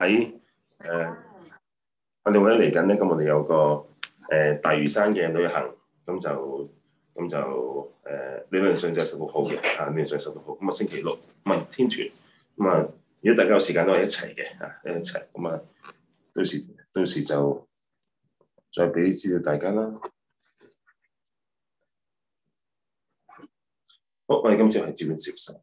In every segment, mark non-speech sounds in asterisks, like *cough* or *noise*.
喺誒，我哋會嚟緊咧，咁我哋有個誒大嶼山嘅旅行，咁就咁就誒理論上就係十六號嘅，啊理論上十六號，咁啊星期六唔係天團，咁啊如果大家有時間都係一齊嘅啊一齊，咁啊到時到時就再俾資料大家啦。好，我哋今次係接料接受。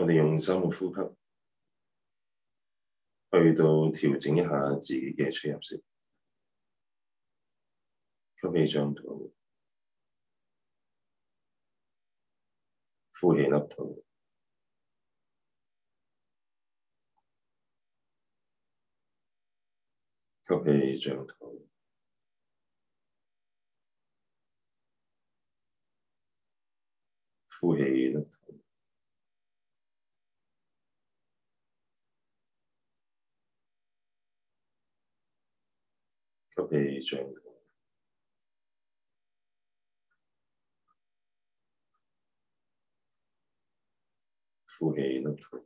我哋用深嘅呼吸，去到調整一下自己嘅出入息，吸氣張肚，呼氣凹肚，吸氣張肚，呼氣凹。皮膚、膚膚膚，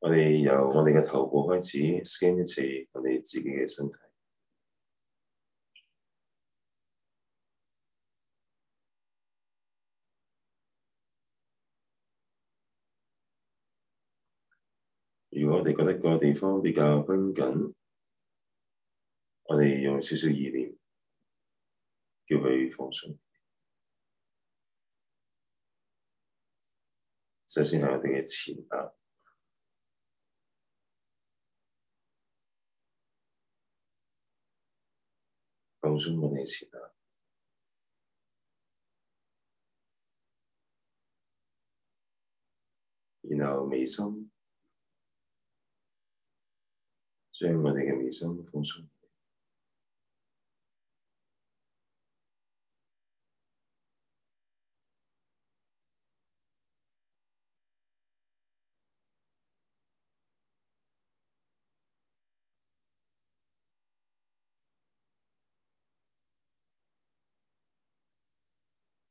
我哋由我哋嘅頭部開始 scan 一次我哋自己嘅身體。你哋覺得個地方比較繃緊，我哋用少少意念叫佢放鬆。首先係我哋嘅前額，放鬆我哋嘅前額，然後眉心。將我哋嘅身心放鬆，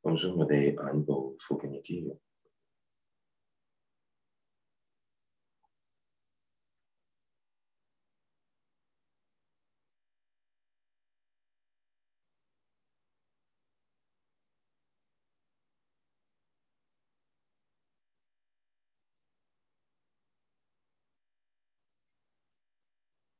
放鬆我哋眼部附近嘅肌肉。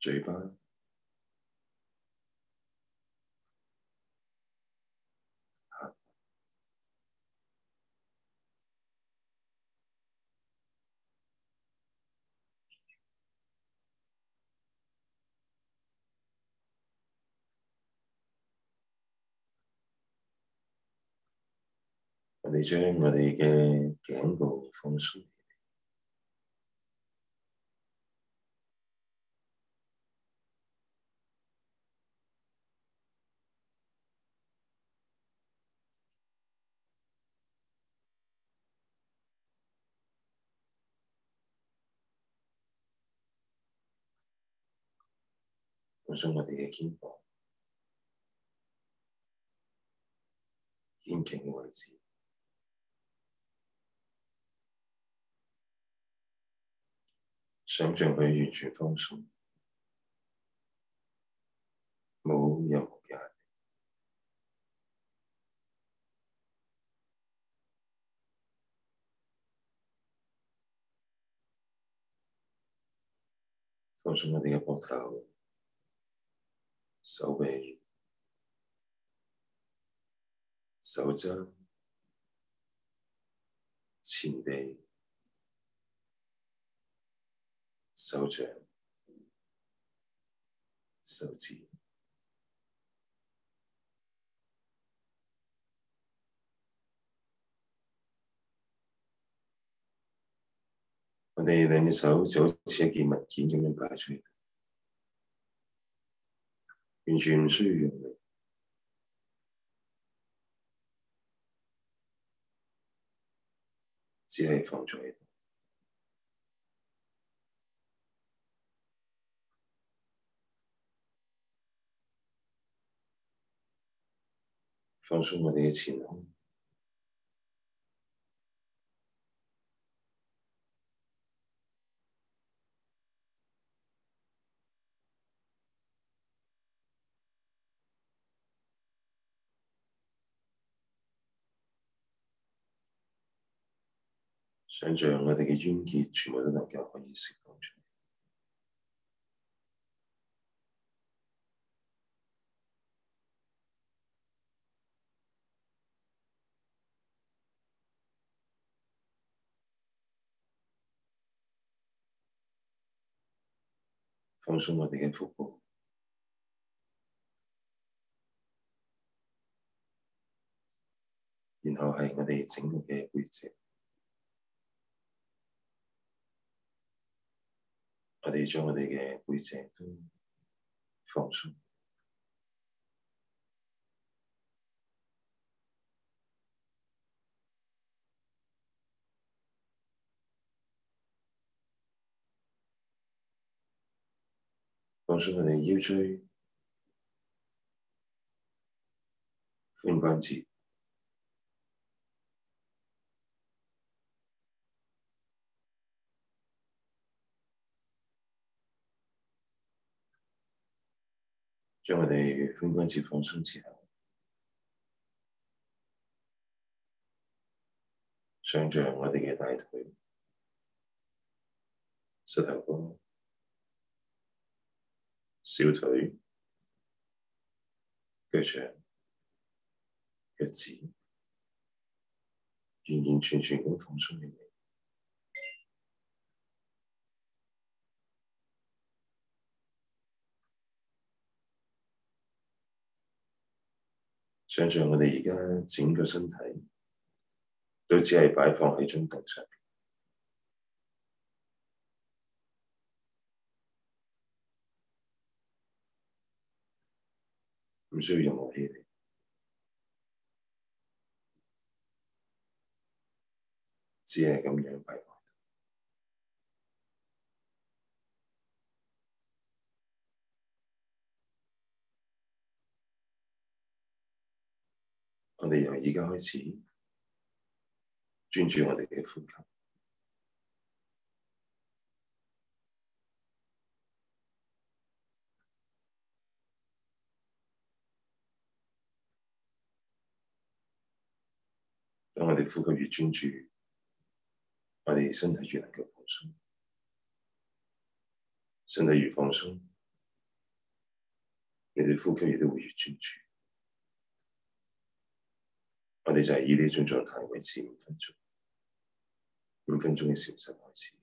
嘴巴，我哋將我哋嘅頸部放鬆。放鬆我哋嘅肩膀，肩頸嘅位置，想象佢完全放鬆，冇任何壓力，放鬆我哋嘅膊頭。手臂、手肘、前臂、手掌、手指，我哋兩隻手就好似一件物件咁樣擺出嚟。完全唔需要用力，只係放咗鬆，放鬆我哋嘅潛能。想象我哋嘅冤結，全部都能夠可以釋放出嚟，放鬆我哋嘅腹部，然後係我哋整個嘅背脊。我哋將我哋嘅背脊都放鬆，放鬆我哋腰椎、肩關節。將我哋髖關節放鬆之後，想像我哋嘅大腿、膝頭哥、小腿、腳掌、腳趾，完完全全咁放鬆。想像我哋而家整個身體都只係擺放喺張凳上邊，唔需要任何氣力，只係咁樣擺。我哋由而家開始專注我哋嘅呼吸。當我哋呼吸越專注，我哋身體越能夠放鬆。身體越放鬆，你哋呼吸亦都會越專注。我哋就係以呢種狀態維持五分鐘，五分鐘嘅小息開始。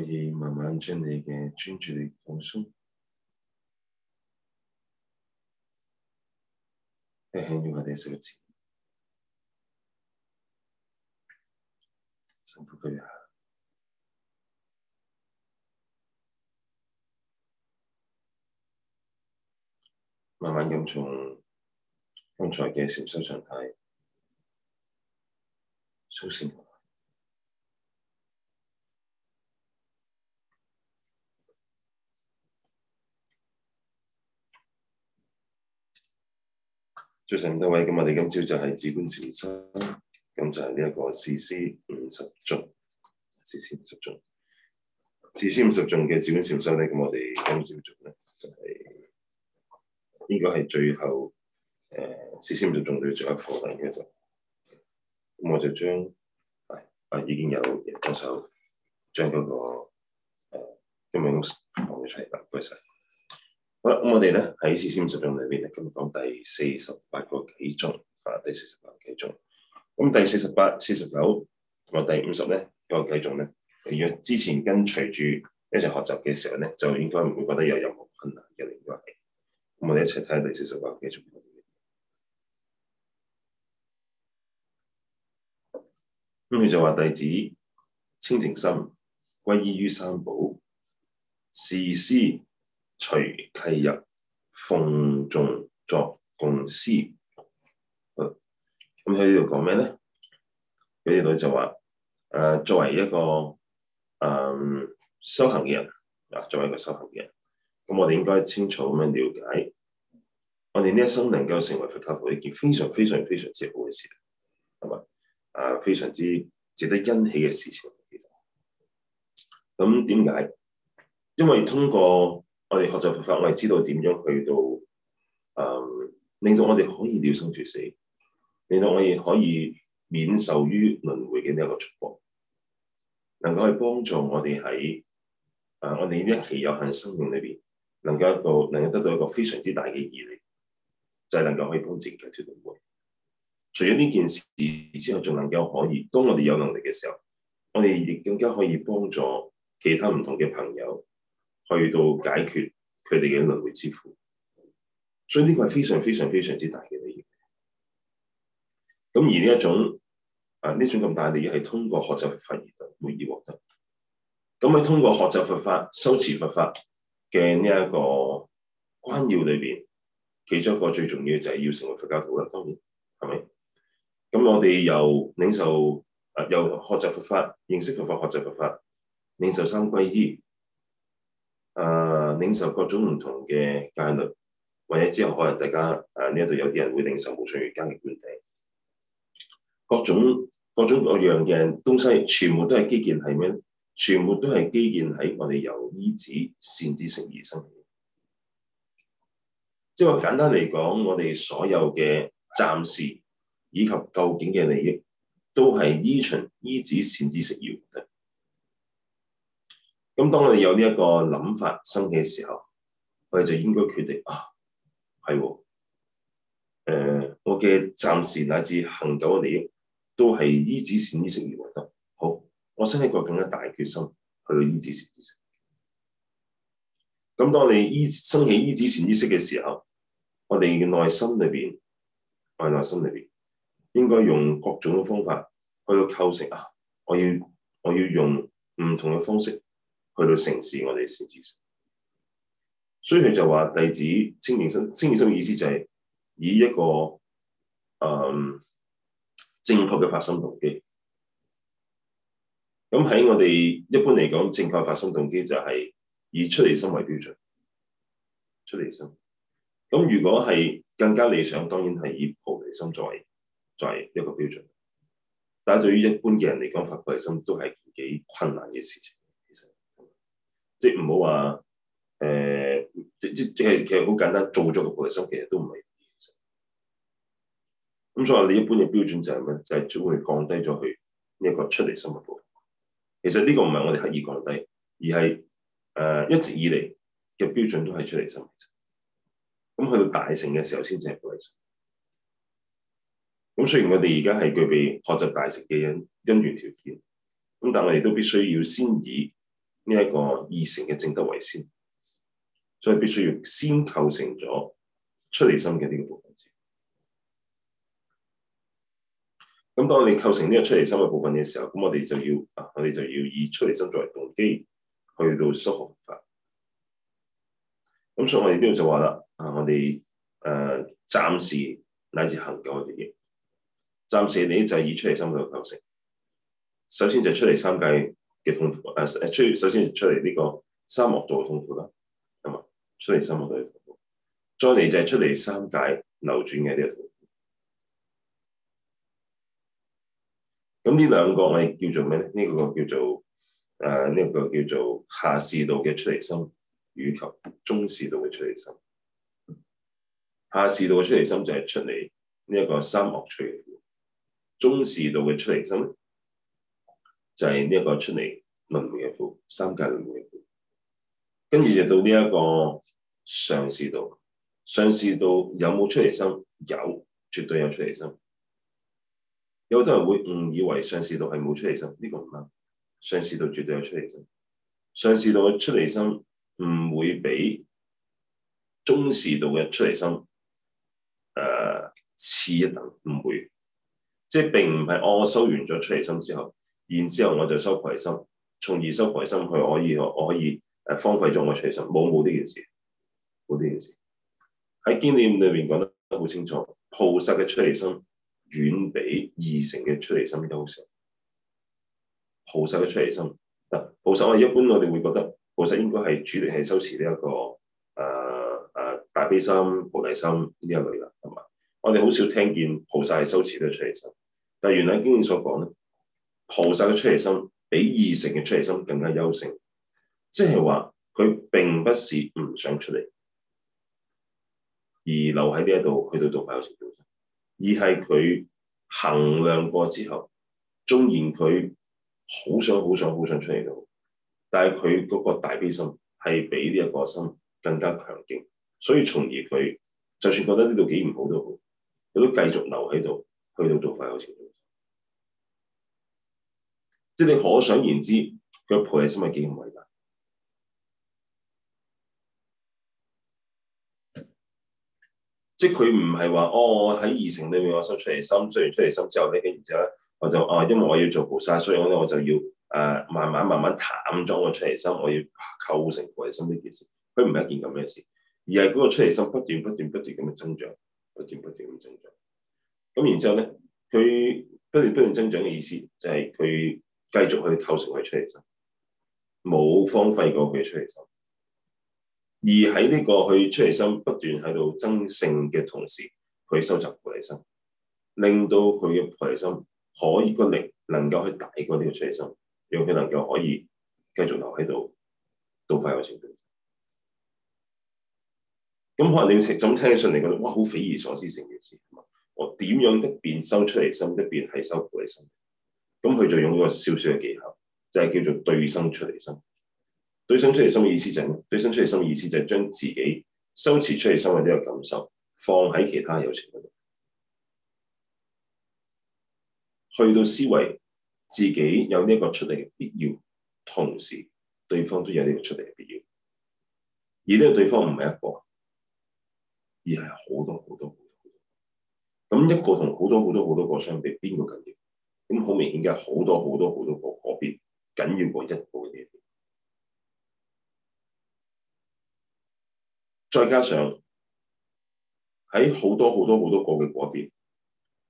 你可以慢慢將你嘅專注力放鬆，輕輕搖下啲手指，深呼吸下，慢慢咁從剛才嘅收攝狀態收線。各位早晨，多位咁我哋今朝就係止觀禪修，咁就係呢一個事師五十頌，事師五十頌，事師五十頌嘅止觀禪修咧，咁我哋今朝做咧就係呢個係最後誒事師五十頌最後一課啦，應該就咁我就將係、哎、啊已經有助手將嗰、那個誒中文課嘅細題背曬。呃好，咁我哋咧喺《事師五十頌》裏邊咧，今日講第四十八個偈頌，第四十八偈頌。咁第四十八、四十九同埋第五十咧個偈頌咧，若之前跟隨住一齊學習嘅時候咧，就應該唔會覺得有任何困難嘅。另外，咁我哋一齊睇下第四十八偈頌。咁佢就話弟子清淨心歸依於三寶，事師。隨契入，奉眾作共師。咁、嗯、喺呢度講咩咧？佢呢女就話，誒、啊，作為一個誒、嗯、修行嘅人，啊，作為一個修行嘅人，咁我哋應該清楚咁樣了解，我哋呢一生能夠成為佛教徒，一件非常非常非常之好嘅事，係咪？啊，非常之值得欣喜嘅事情。咁點解？因為通過我哋學習佛法，我哋知道點樣去到誒、嗯，令到我哋可以了生脱死，令到我哋可以免受於輪迴嘅呢一個束縛，能夠去幫助我哋喺誒我哋呢一期有限生命裏邊，能夠一個能夠得到一個非常之大嘅利益，就係、是、能夠可以幫自己解脱輪迴。除咗呢件事之後，仲能夠可以，當我哋有能力嘅時候，我哋亦更加可以幫助其他唔同嘅朋友。去到解決佢哋嘅輪迴之苦，所以呢個係非常非常非常之大嘅利益。咁而呢一種啊呢種咁大利益係通過學習佛法而得，會以獲得。咁喺通過學習佛法、修持佛法嘅呢一個關要裏邊，其中一個最重要就係要成為佛教徒啦。當然係咪？咁我哋由領受啊，由學習佛法、認識佛法、學習佛法、領受三皈依。啊！領受各種唔同嘅戒律，或者之後可能大家啊呢一度有啲人會領受無上瑜伽嘅灌頂，各種各種各樣嘅東西，全部都係基建係咩咧？全部都係基建喺我哋由依止善知識而生。即係話簡單嚟講，我哋所有嘅暫時以及究竟嘅利益，都係依循依止善知識而生。咁當我哋有呢一個諗法升起嘅時候，我哋就應該決定啊，係喎、呃，我嘅暫時乃至恆久嘅利益都係依止善知識而獲得。好，我升起一個更加大決心去到依止善知識。咁、啊、當你依升起依止善知識嘅時候，我哋嘅內心裏邊我係內心裏邊，應該用各種嘅方法去到構成啊，我要我要用唔同嘅方式。去到城市，我哋先至。所以佢就話弟子清淨心，清淨心嘅意思就係以一個誒、嗯、正確嘅發心動機。咁喺我哋一般嚟講，正確發心動機就係以出離心為標準。出離心。咁如果係更加理想，當然係以菩提心作為作為一個標準。但係對於一般嘅人嚟講，發菩提心都係幾困難嘅事情。即唔好話誒，即即即係其實好簡單，做咗、就是、個菩提心，其實都唔係。咁所以你一般嘅標準就係咩？就係總會降低咗去呢一個出離心嘅部分。其實呢個唔係我哋刻意降低，而係誒、呃、一直以嚟嘅標準都係出離心。咁去到大乘嘅時候，先至係菩提心。咁雖然我哋而家係具備學習大乘嘅因因緣條件，咁但係我哋都必須要先以。呢一個二成嘅正德為先，所以必須要先構成咗出離心嘅呢個部分先。咁當你構成呢個出離心嘅部分嘅時候，咁我哋就要啊，我哋就要以出離心作為動機去到修學佛法。咁所以我哋呢度就話啦，啊，我哋誒暫時乃至恒久嘅利益，暫時你啲就以出離心去構成，首先就出離心計。嘅痛苦，誒誒出首先出嚟呢個三惡道嘅痛苦啦，咁啊出嚟三惡道嘅痛苦，再嚟就係出嚟三界流轉嘅呢個痛苦。咁呢兩個我哋叫做咩咧？呢、這個叫做誒呢、呃這個叫做下士道嘅出嚟心，與及中士道嘅出嚟心。下士道嘅出嚟心就係出嚟呢一個三惡趣出嚟嘅，中士道嘅出嚟心咧。就係呢一個出離，輪迴嘅苦、三界輪迴嘅苦，跟住就到呢一個上士道，上士道有冇出離心？有，絕對有出離心。有好多人會誤以為上士道係冇出離心，呢、這個唔啱。上士道絕對有出離心。上士道嘅出離心唔會比中士道嘅出離心誒次、呃、一等，唔會。即係並唔係我收完咗出離心之後。然之後我就修菩提心，從而修菩提心，佢可以我可以荒廢咗我出離心，冇冇呢件事，冇呢件事。喺經典裏邊講得好清楚，菩薩嘅出離心遠比二乘嘅出離心優勝。菩薩嘅出離心嗱，菩薩啊，一般我哋會覺得菩薩應該係主力係修持呢一個誒誒大悲心、菩提心呢一類嘅，係嘛？我哋好少聽見菩薩係修持嘅出離心，但係原來經典所講咧。菩薩嘅出離心比二乘嘅出離心更加優勝，即係話佢並不是唔想出嚟而留喺呢一度去到度化有情眾生，而係佢衡量過之後，縱然佢好想好想好想，好想出嚟都好，但係佢嗰個大悲心係比呢一個心更加強勁，所以從而佢就算覺得呢度幾唔好都好，佢都繼續留喺度去到度化有情眾生即係你可想而知，佢菩提心係幾咁偉大。即係佢唔係話哦，喺二乘裏面我修出離心，修完出離心之後咧，然之後咧，我就啊、哦，因為我要做菩薩，所以我咧我就要誒、呃，慢慢慢慢淡咗個出離心，我要構成菩提心呢件事。佢唔係一件咁嘅事，而係嗰個出離心不斷不斷不斷咁樣增長，不斷不斷咁增長。咁然之後咧，佢不斷不斷增長嘅意思就係佢，繼續去透成佢出嚟心，冇荒廢過佢出嚟心。而喺呢個去出嚟心不斷喺度增勝嘅同時，佢收集菩提心，令到佢嘅菩提心可以個力能夠去大過呢個出嚟心，讓佢能夠可以繼續留喺度，度化有情眾。咁可能你就咁聽起上嚟覺得哇，好匪夷所思成件事啊！我點樣一邊收出嚟心，一邊係收菩提心？咁佢就用呢個少少嘅技巧，就係、是、叫做對生出離心。對生出離心嘅意思就係咩？對生出離心嘅意思就係將自己收持出離心嘅呢個感受放喺其他有情嗰度，去到思維自己有呢個出嚟嘅必要，同時對方都有呢個出嚟嘅必要。而呢個對方唔係一個，而係好，好，好多好多好多。咁一個同好多好多好多個相比，邊個緊要？咁好明顯嘅，好多好多好多個個別，緊要過一個嘅嘢。再加上喺好多好多好多個嘅嗰邊，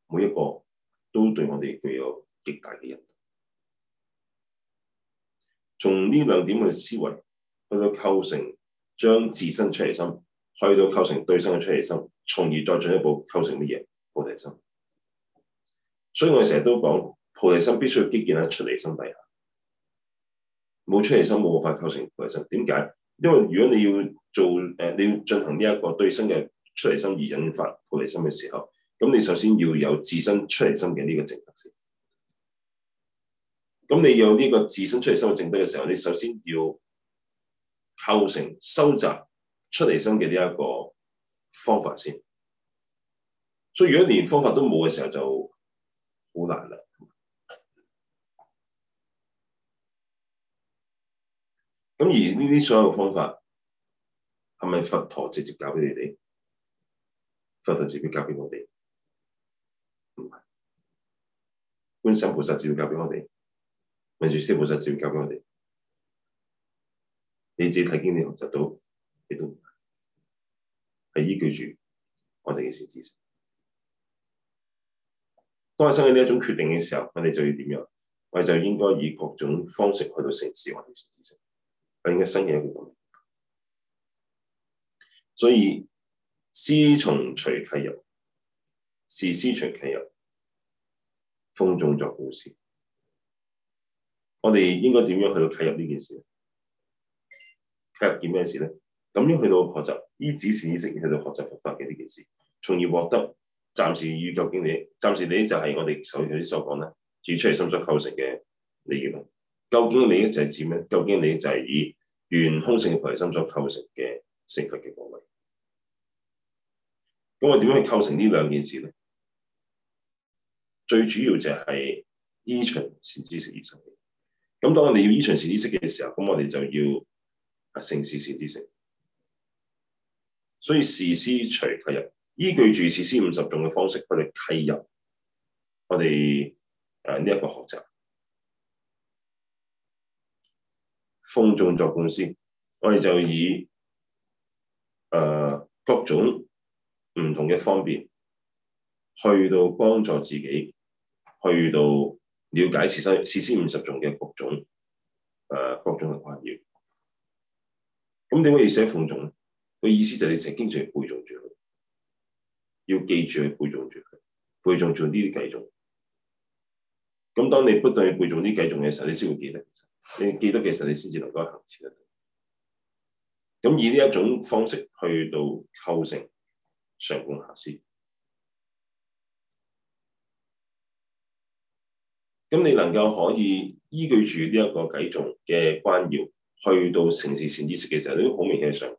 每一個都對我哋具有極大嘅影響，從呢兩點嘅思維去到構成，將自身出嚟心，去到構成對身嘅出嚟心，從而再進一步構成乜嘢菩提心。所以我哋成日都講菩提心必須要基建喺出離心底下，冇出離心冇法構成菩提心。點解？因為如果你要做誒、呃，你要進行呢一個對身嘅出離心而引發菩提心嘅時候，咁你首先要有自身出離心嘅呢個證得先。咁你有呢個自身出離心嘅證得嘅時候，你首先要構成收集出離心嘅呢一個方法先。所以如果連方法都冇嘅時候就～好難啦！咁而呢啲所有嘅方法，係咪佛陀直接教俾你哋，佛陀直接教俾我哋？唔係，觀心菩薩自己教俾我哋，文殊師菩薩自己教俾我哋，你自己睇經你學習到，亦都唔係係依據住我哋嘅善知識。當我身喺呢一種決定嘅時候，我哋就要點樣？我哋就應該以各種方式去到承事，或者善知識，令一新嘅一個觀念。所以事師隨契入，事師隨契入，諷誦作供施。我哋應該點樣去到契入呢件事咧？契入件咩事咧？咁要去到學習依止善知識去到學習佛法嘅呢件事，從而獲得。暫時要究竟利，暫時利就係我哋所所講啦，指出離心所構成嘅利益啦。究竟利就係指咩？究竟利就係以圓空性菩提心所構成嘅成佛嘅果位。咁我點樣去構成呢兩件事咧？最主要就係依循善知識而生。咁當我哋要依循善知識嘅時候，咁我哋就要啊，承事善知識。所以事師隨，事師隨契入。依據住《事師五十頌》嘅方式，佢嚟契入我哋誒呢一個學習。諷誦作供施，我哋就以誒、呃、各種唔同嘅方便去到幫助自己，去到了解《事師》《事師五十頌》嘅、呃、各種誒各種嘅關要。咁點解要寫諷誦咧？個意思就係你成日經常背誦住。要記住去背誦住，佢，背誦住呢啲偈頌。咁當你不斷去背誦啲偈頌嘅時候，你先會記得。你記得嘅時候，你先至能夠行持得到。咁以呢一種方式去到構成上供下施。咁你能夠可以依據住呢一個偈頌嘅關要，去到承事善知識嘅時候，你都好明顯係上供。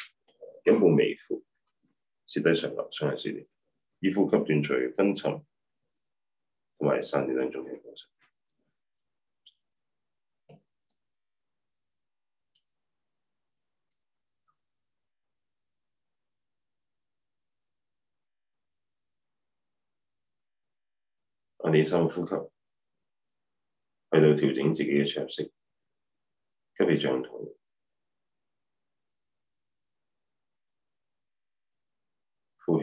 眼部微瞓，舌底上流，上行思緒，以呼吸斷除分層，同埋散嘅兩種嘅方式。我、啊、哋深呼吸，去到調整自己嘅場式，吸氣脹肚。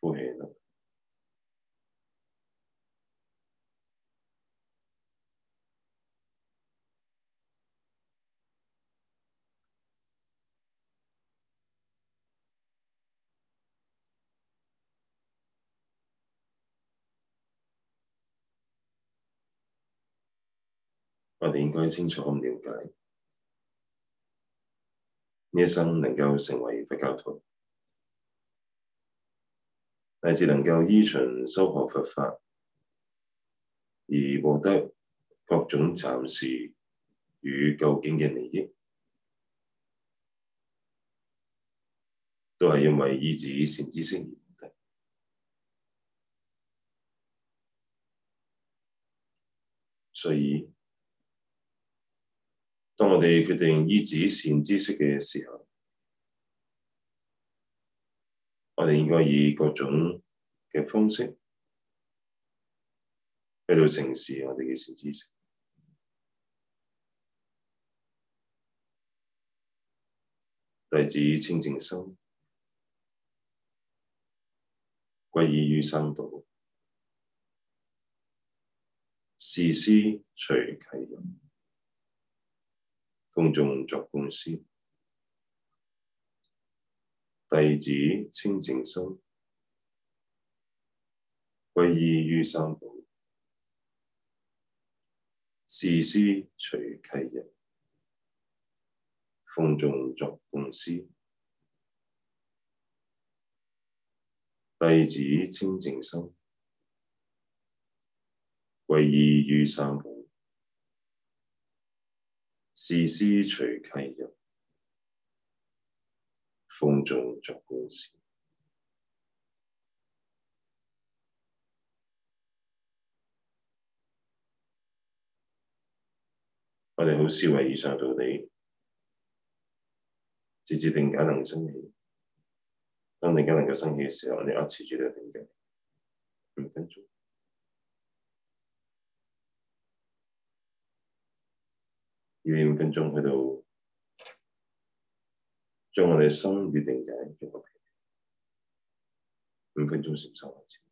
呼氣啦，我哋應該清楚咁了解，呢一生能夠成為佛教徒，乃至能夠依循修學佛法而獲得各種暫時與究竟嘅利益，都係因為依止善知識而得。所以，當我哋決定依止善知識嘅時候，我哋應該以各種嘅方式喺度承事我哋嘅善知識，弟子清淨心，歸依於三寶，事師隨契入，諷誦作供施。弟子清靜心，歸依於三寶。事師隨契入，諷誦作供施。弟子清靜心，歸依於三寶。事師隨契入。諷誦作供施，我哋好思維以上道理。直至定解能生起，當定解能夠生起嘅時候，我哋壓持住呢一點定，五分鐘，二點五分鐘去到。將我哋嘅心預定緊一個期，五分鐘，成十萬字。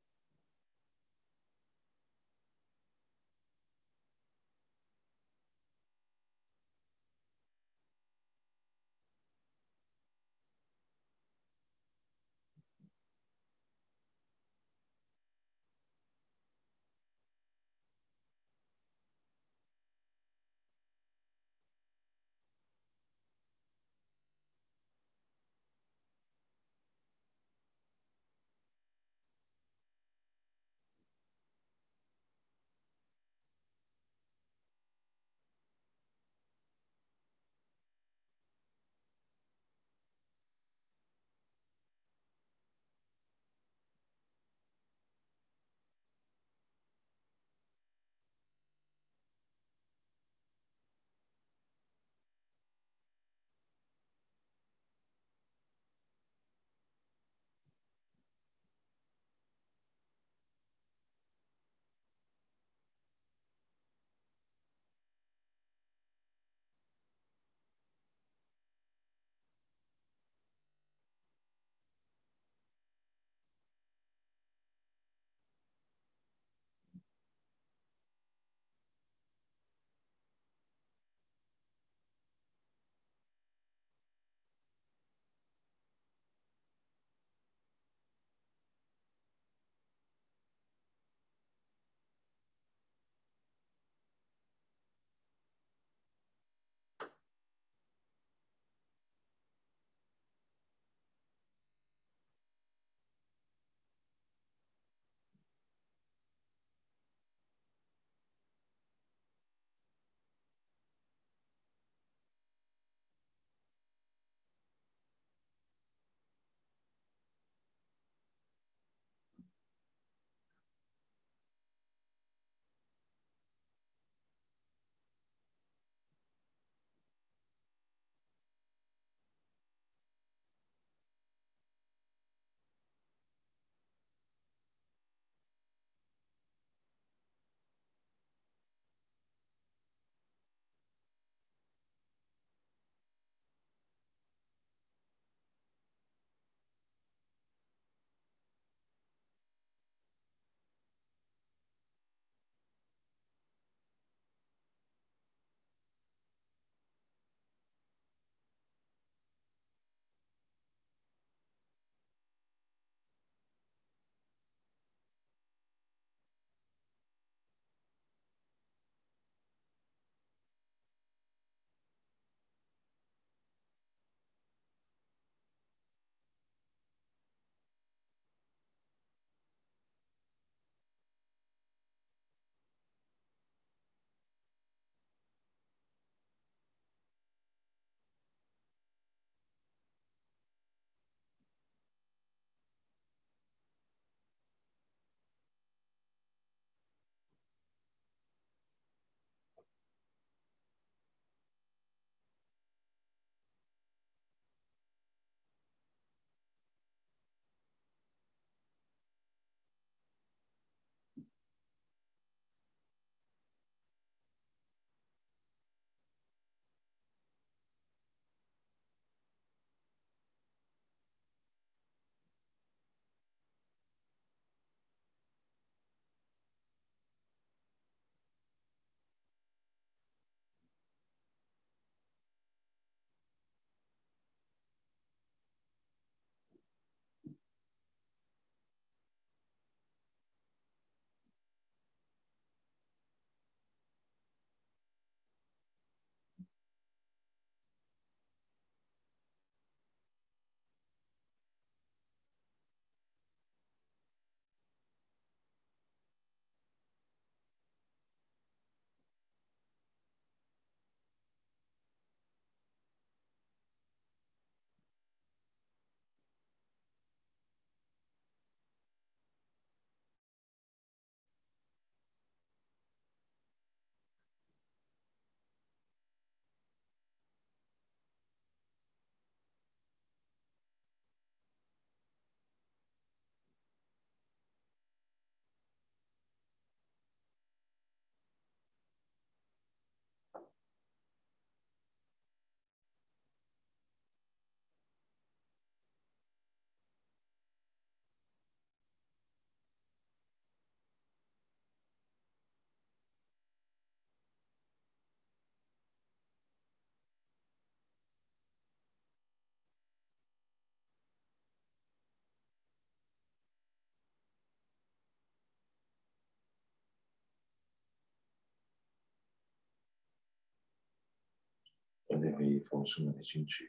可以放鬆，可以專注。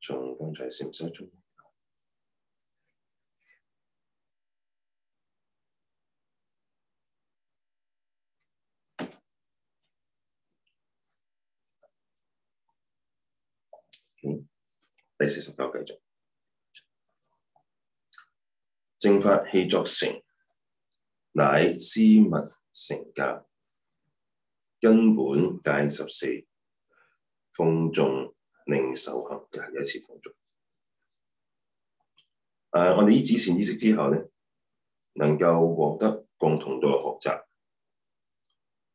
從剛才唸曬中，嗯，第四十九繼續，正法器作成，乃施密乘教。根本戒十四，諷誦令受行，又係一次諷誦。誒、啊，我哋依止善知識之後咧，能夠獲得共同道學習。誒、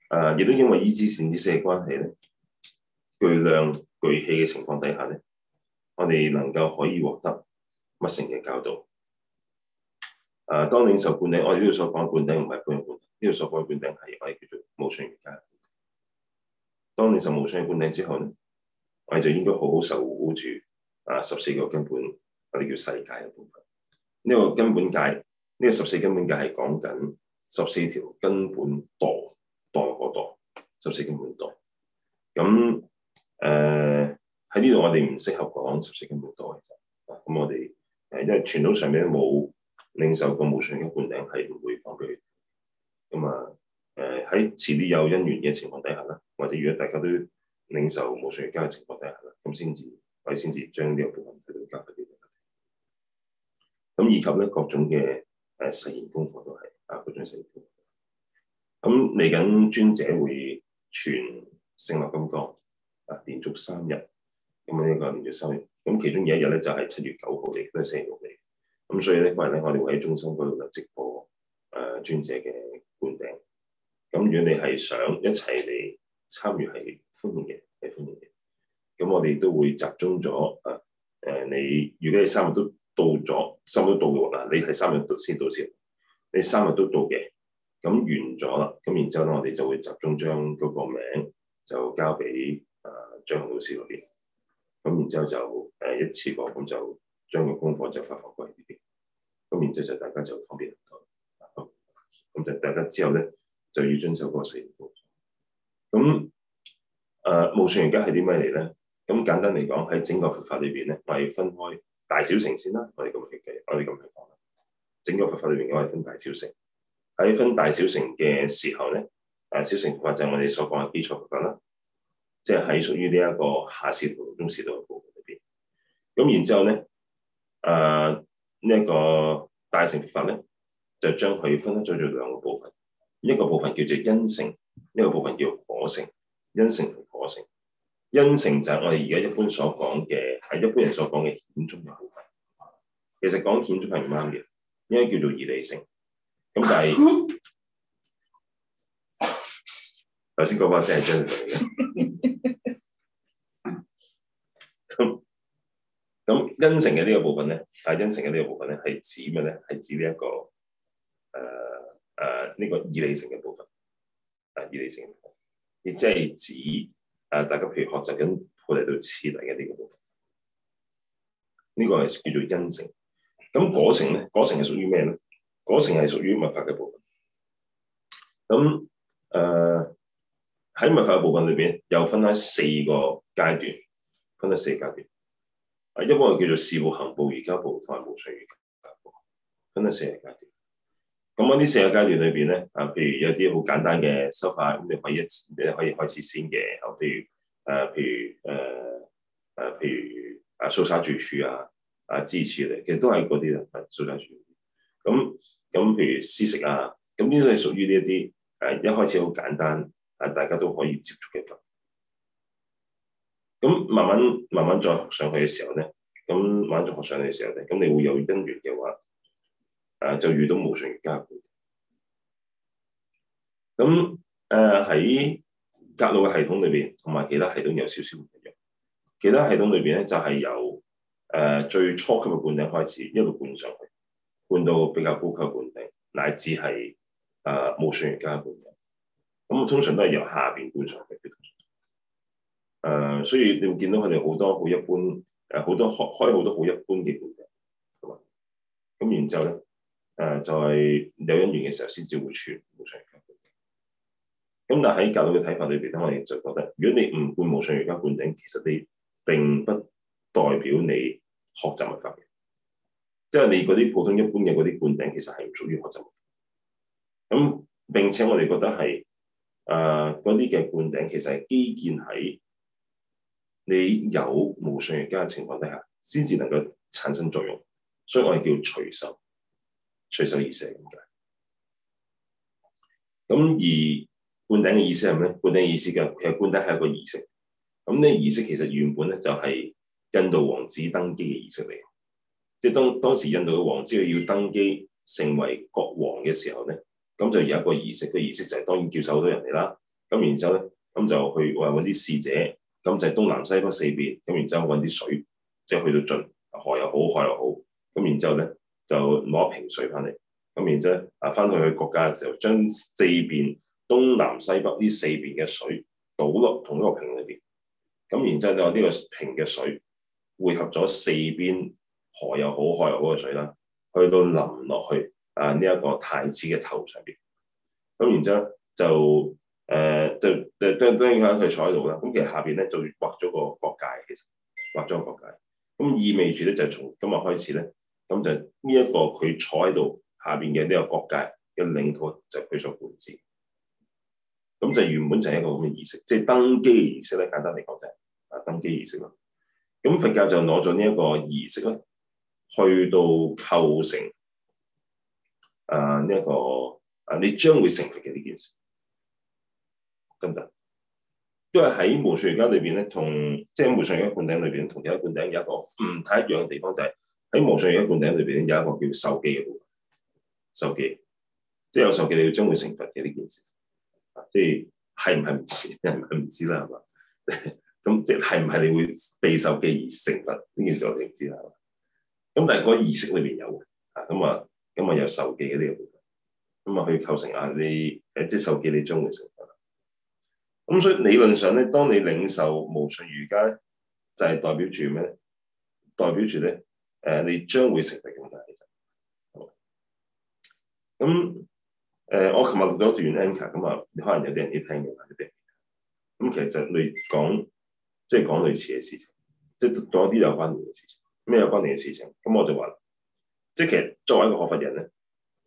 啊，亦都因為依止善知識嘅關係咧，具量具器嘅情況底下咧，我哋能夠可以獲得密乘嘅教導。誒、啊，當領受灌頂，我哋呢度所講灌頂唔係普通灌頂，呢度所講灌頂係我哋叫做無上瑜伽。當你受無上嘅灌頂之後咧，我哋就應該好好守護住啊十四個根本，我哋叫世界嘅本分。呢個根本戒，呢個十四根本戒係講緊十四條根本度，度嗰度，十四根本度。咁誒喺呢度我哋唔適合講十四根本度。其實，咁我哋誒因為傳統上面咧冇領受過無上嘅灌頂，係唔會講佢。咁啊～誒喺遲啲有因緣嘅情況底下啦，或者如果大家都領受無上瑜伽嘅情況底下啦，咁先至，佢先至將呢個部分去到加翻啲。咁以及咧各種嘅誒、呃、誓言功課都係啊各種誓言功課。咁嚟緊尊者會傳勝樂金剛啊，連續三日咁呢一個連續三日，咁其中有一呢、就是、日咧就係七月九號嚟，都係星期六嚟。咁所以呢個人咧，我哋會喺中心嗰度嘅直播誒尊、呃、者嘅灌頂。咁如果你係想一齊嚟參與係歡迎嘅，係歡迎嘅，咁我哋都會集中咗啊誒，你如果係三日都到咗，到三日都到嘅話，你係三日到先到先，你三日都到嘅，咁、嗯、完咗啦，咁然之後咧，我哋就會集中將嗰個名就交俾啊張老師嗰邊，咁然之後就誒、呃、一次過咁就將個功課就發放過嚟呢邊，咁然之後就大家就方便、嗯、就得多，咁就大家之後咧。就要遵守個四個部分。咁、呃、誒，冒算而家係啲咩嚟咧？咁簡單嚟講，喺整個佛法裏邊咧，我哋分開大小乘先啦。我哋咁嚟計，我哋咁嚟講啦。整個佛法裏邊，我哋分大小乘。喺分大小乘嘅時候咧，大小乘佛法就係我哋所講嘅基礎佛法啦，即係喺屬於呢一個下士道、中士道嘅部分裏邊。咁然之後咧，誒呢一個大乘佛法咧，就將佢分開做做兩個部分。一個部分叫做因性，一個部分叫果性。因性同果性，因性就係我哋而家一般所講嘅，係一般人所講嘅顯宗嘅部分。其實講顯宗係唔啱嘅，應該叫做二理性。咁但係頭先嗰把聲係真實嚟嘅。咁咁因性嘅呢個部分咧，但係因性嘅呢個部分咧，係指乜咧？係指呢、這、一個誒。呃誒，呢、啊，這個二理性嘅部分，誒、啊，二力成嘅部分，亦即係指誒、啊，大家譬如學習緊，我哋都次第嘅呢嘅部分。呢、這個係叫做因性。咁果成咧，果成係屬於咩咧？果成係屬於密法嘅部分。咁誒，喺、呃、密法嘅部分裏邊，又分開四個階段，分咗四個階段。啊，一個係叫做事部、行部、瑜伽部同埋無上瑜伽嘅階段，分咗四個階段。咁喺呢四個階段裏邊咧，啊，譬如有啲好簡單嘅修法，咁你可以一，你可以開始先嘅。譬如，誒、呃，譬如，誒，誒，譬如，誒，掃沙住處啊，啊，支持你，其實都係嗰啲啦，掃沙住。咁，咁譬如施食啊，咁呢啲都係屬於呢一啲誒，一開始好簡單，啊，大家都可以接觸嘅。咁慢慢慢慢再學上去嘅時候咧，咁慢慢再學上去嘅時候咧，咁你會有因緣嘅話。誒就遇到無上瑜伽灌，咁誒喺隔路嘅系統裏邊，同埋其他系統有少少唔一樣。其他系統裏邊咧就係由誒最初級嘅灌頂開始，一路灌上去，灌到比較高級嘅灌頂，乃至係誒、呃、無上瑜伽灌嘅。咁通常都係由下邊灌上去嘅。誒、呃，所以你會見到佢哋好多好一般誒，好、啊、多開開好多好一般嘅灌頂，咁然之後咧。誒，就係有因緣嘅時候，先至會傳無上瑜伽。咁、嗯、但係喺教導嘅睇法裏邊，我哋就覺得，如果你唔灌無上瑜伽灌頂，其實你並不代表你學習密法嘅，即、就、係、是、你嗰啲普通一般嘅嗰啲灌頂，其實係唔屬於學習密法。咁、嗯、並且我哋覺得係誒嗰啲嘅灌頂，呃、其實係基建喺你有無上瑜伽嘅情況底下，先至能夠產生作用。所以我哋叫隨手。隨心而、就是、儀式。咁解。咁而灌頂嘅意思係咩？灌頂嘅意思嘅其實灌頂係一個儀式。咁呢儀式其實原本咧就係、是、印度王子登基嘅儀式嚟。即當當時印度嘅王子要登基成為國王嘅時候咧，咁就有一個儀式。個儀式就係、是、當然叫晒好多人嚟啦。咁然之後咧，咁就去話搵啲使者，咁就東南西北四邊，咁然之後搵啲水，即、就是、去到盡河又好，海又好。咁然之後咧。就攞一瓶水翻嚟，咁然之後咧，啊翻到去國家嘅時候，將四邊東南西北呢四邊嘅水倒落同一個瓶裏邊，咁然之後咧，呢個瓶嘅水匯合咗四邊河又好海又好嘅水啦，去到淋落去啊呢一個太子嘅頭上邊，咁然之後就誒、呃、就誒都都影響佢坐喺度啦。咁其實下邊咧就畫咗個國界，其實畫咗個國界，咁意味住咧就係從今日開始咧。咁就呢一個佢坐喺度下邊嘅呢個國界嘅領土就佢所管治，咁就原本就係一個咁嘅儀式，即係登基儀式咧。簡單嚟講啫，啊登基儀式咯，咁佛教就攞咗呢一個儀式咯，去到構成啊呢一個啊你將會成佛嘅呢件事，得唔得？因為喺無上瑜伽裏邊咧，同即係無上瑜伽灌頂裏邊同其他灌頂有一個唔太一樣嘅地方，就係係。喺無上瑜伽灌頂裏邊咧，有一個叫受記嘅部分。受記，即係有受記，你要將會成佛嘅呢件事。即係係唔係唔知，係唔係唔知啦，係嘛？咁即係係唔係你會被受記而成佛？呢件事我哋唔知啦，係嘛？咁但係個儀式裏邊有嘅，啊咁啊咁啊有受記嘅呢個部分，咁啊可以構成啊你誒，即係受記你將會成佛。咁所以理論上咧，當你領受無上瑜伽咧，就係、是、代表住咩咧？代表住咧？誒，你將會成立咁大嘅實咁，誒，我琴日錄咗段 anchor 咁啊，ar, 可能有啲人要聽嘅，有啲咁其實就類講，即係講類似嘅事情，即係講啲有關聯嘅事情。咩有關聯嘅事情？咁我就話，即係其實作為一個學佛人咧，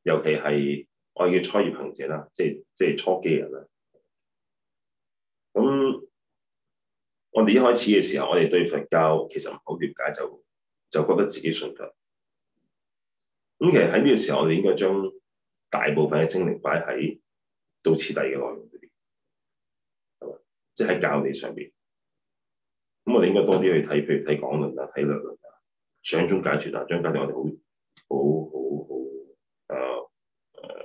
尤其係我嘅初業行者啦，即係即係初基人啦。咁我哋一開始嘅時候，我哋對佛教其實唔好瞭解就。就覺得自己信得，咁其實喺呢個時候，我哋應該將大部分嘅精力擺喺到次第嘅內容裏邊，係嘛？即、就、喺、是、教理上邊。咁我哋應該多啲去睇，譬如睇廣論,論啊，睇略論啊。掌中解脫啊，掌中解脫我哋好好好好誒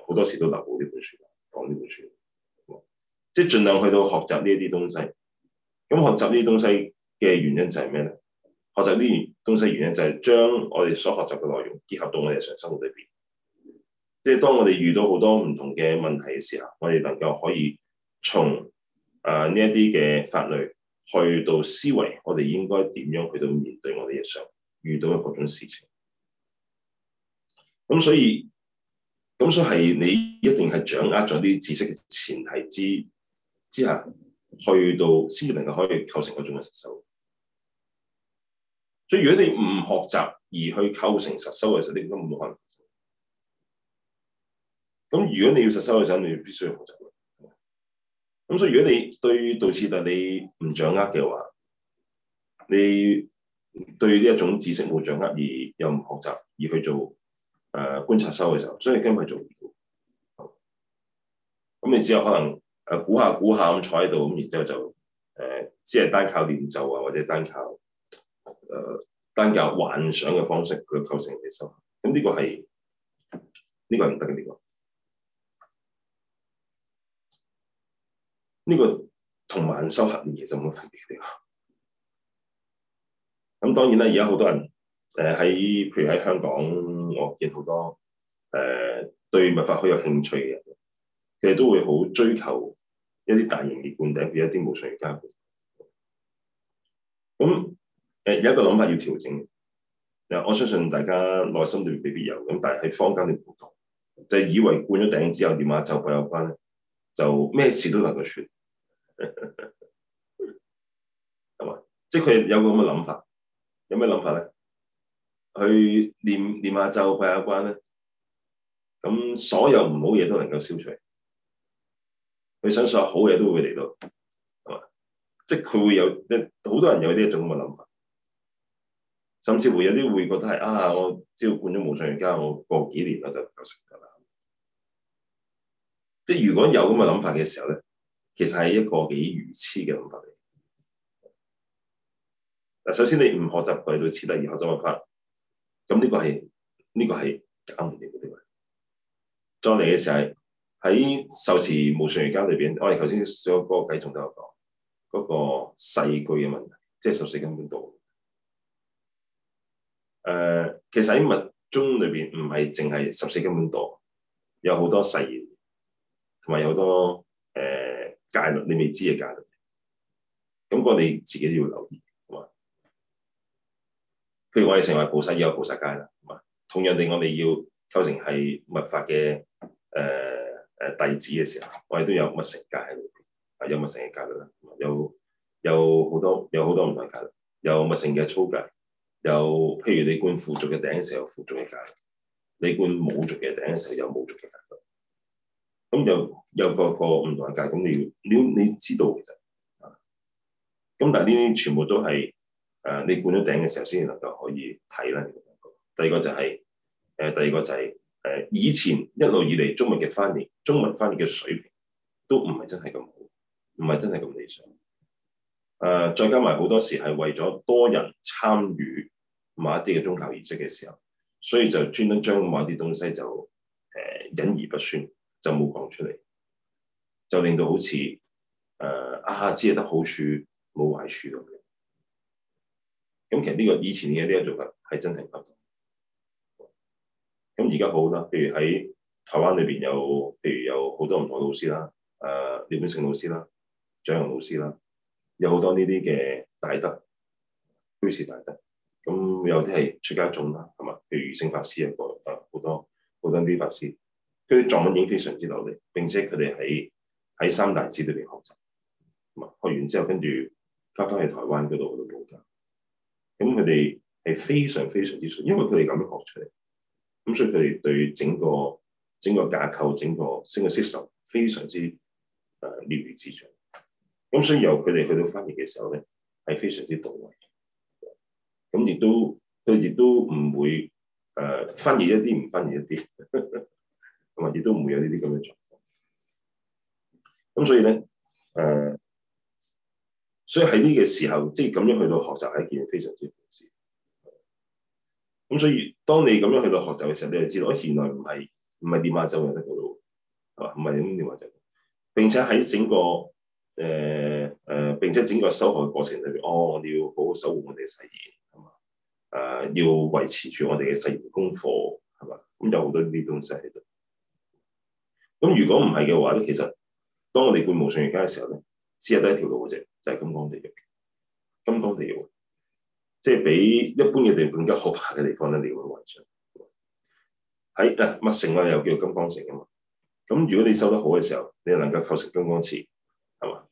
誒，好多時都留好呢本書，講呢本書。即係儘量去到學習呢一啲東西。咁學習呢啲東西嘅原因就係咩咧？學習呢樣東西原因就係將我哋所學習嘅內容結合到我哋日常生活裏邊，即係當我哋遇到好多唔同嘅問題嘅時候，我哋能夠可以從啊呢一啲嘅法律去到思維，我哋應該點樣去到面對我哋日常遇到嘅各種事情。咁所以，咁所以係你一定係掌握咗啲知識嘅前提之之下，去到先至能夠可以構成一種嘅承受。所以如果你唔學習而去構成實修嘅時候，你都冇可能。咁如果你要實修嘅時候，你必須要學習。咁所以如果你對道次第你唔掌握嘅話，你對呢一種知識冇掌握而又唔學習而去做誒、呃、觀察修嘅時候，所以根本做唔到。咁你只有可能誒、呃、估下估下咁坐喺度，咁然之後就誒、呃、只係單靠念咒啊，或者單靠。誒、呃、單靠幻想嘅方式，佢構成嘅修，咁、嗯、呢、這個係呢、這個係唔得嘅，呢、這個呢、這個同晚修合念其實冇乜分別嘅。咁、這個嗯、當然啦，而家好多人誒喺、呃，譬如喺香港，我見好多誒、呃、對密法好有興趣嘅人，佢哋都會好追求一啲大型嘅灌頂，譬如一啲無上瑜伽灌頂，咁。嗯誒有一個諗法要調整嘅，嗱我相信大家內心裏未必有，咁但係喺坊間就唔同，就係、以為灌咗頂之後，念下咒拜下關咧，就咩事都能夠説，係 *laughs* 嘛？即係佢有個咁嘅諗法，有咩諗法咧？去念念下咒拜下關咧，咁所有唔好嘢都能夠消除，佢想所有好嘢都會嚟到，係嘛？即係佢會有好多人有呢一種咁嘅諗法。甚至會有啲會覺得係啊！我只要灌咗無上瑜伽，我過幾年我就夠食㗎啦。即係如果有咁嘅諗法嘅時候咧，其實係一個幾愚痴嘅諗法嚟。嗱，首先你唔學習佢，養智慧，然後就諗法，咁呢個係呢、這個係搞唔掂嗰啲位。再嚟嘅時候喺受持無上瑜伽裏邊，哎那個、我哋頭先所嗰個偈仲有講嗰個細句嘅問題，即係受持根本道。誒、呃，其實喺密宗裏邊唔係淨係十四根本道，有好多誓言，同埋有好多誒、呃、戒律，你未知嘅戒律，咁我哋自己都要留意，係嘛？譬如我哋成為菩薩，有菩薩戒啦，係嘛？同樣地，我哋要修成係密法嘅誒誒弟子嘅時候，我哋都有密乘戒喺度，啊，有密乘嘅戒律啦，有有好多有好多唔同嘅戒律，有密乘嘅粗戒、戒。有，譬如你灌附族嘅頂時，時候有附族嘅戒；你灌冇族嘅頂嘅時候，有冇族嘅戒。咁有有個個唔同嘅戒，咁你要你你知道其實啊，咁但係呢啲全部都係誒、呃，你灌咗頂嘅時候先能夠可以睇啦。第二個就係、是、誒、呃，第二個就係、是、誒、呃，以前一路以嚟中文嘅翻譯，中文翻譯嘅水平都唔係真係咁好，唔係真係咁理想。誒、呃，再加埋好多時係為咗多人參與。某一啲嘅宗教儀式嘅時候，所以就專登將某啲東西就誒隱、呃、而不宣，就冇講出嚟，就令到好似誒、呃、啊，知得好處，冇壞處咁嘅。咁、嗯、其實呢、這個以前嘅呢一做法係真係唔同。咁而家好啦，譬如喺台灣裏邊有，譬如有好多唔同老師啦，誒、呃、廖本成老師啦、張勇老師啦，有好多呢啲嘅大德、居士大德。咁有啲係出家眾啦，係嘛？譬如聖法師一個誒，好多好多啲法師，佢啲藏文已經非常之流利，並且佢哋喺喺三大寺度嚟學習，唔係學完之後跟住翻返去台灣嗰度嗰度報家。咁佢哋係非常非常之熟，因為佢哋咁樣學出嚟，咁所以佢哋對整個整個架構、整個整個 system 非常之誒、呃、了如指掌。咁所以由佢哋去到翻譯嘅時候咧，係非常之到位。咁亦都，佢亦都唔會誒分而一啲，唔分而一啲，咁啊，亦都唔會有呢啲咁嘅狀況。咁所以咧，誒、呃，所以喺呢個時候，即係咁樣去到學習係一件非常之好事。咁所以，當你咁樣去到學習嘅時候，你就知道，哦，原來唔係唔係電話就有得噶啦喎，係嘛？唔係咁電話就。並且喺整個誒誒、呃呃，並且整個修學嘅過程裏面，哦，我哋、oh, 要好好守護我哋嘅誓言。誒、啊、要維持住我哋嘅實業功課係嘛？咁有好多呢啲東西喺度。咁如果唔係嘅話咧，其實當我哋半無信圓間嘅時候咧，只係得一條路嘅啫，就係金剛地獄。金剛地,地獄，即係比一般嘅地盤更加可怕嘅地方咧，你會圍牆。喺啊，物城啊又叫金剛城啊嘛。咁如果你收得好嘅時候，你又能夠構成金剛池係嘛？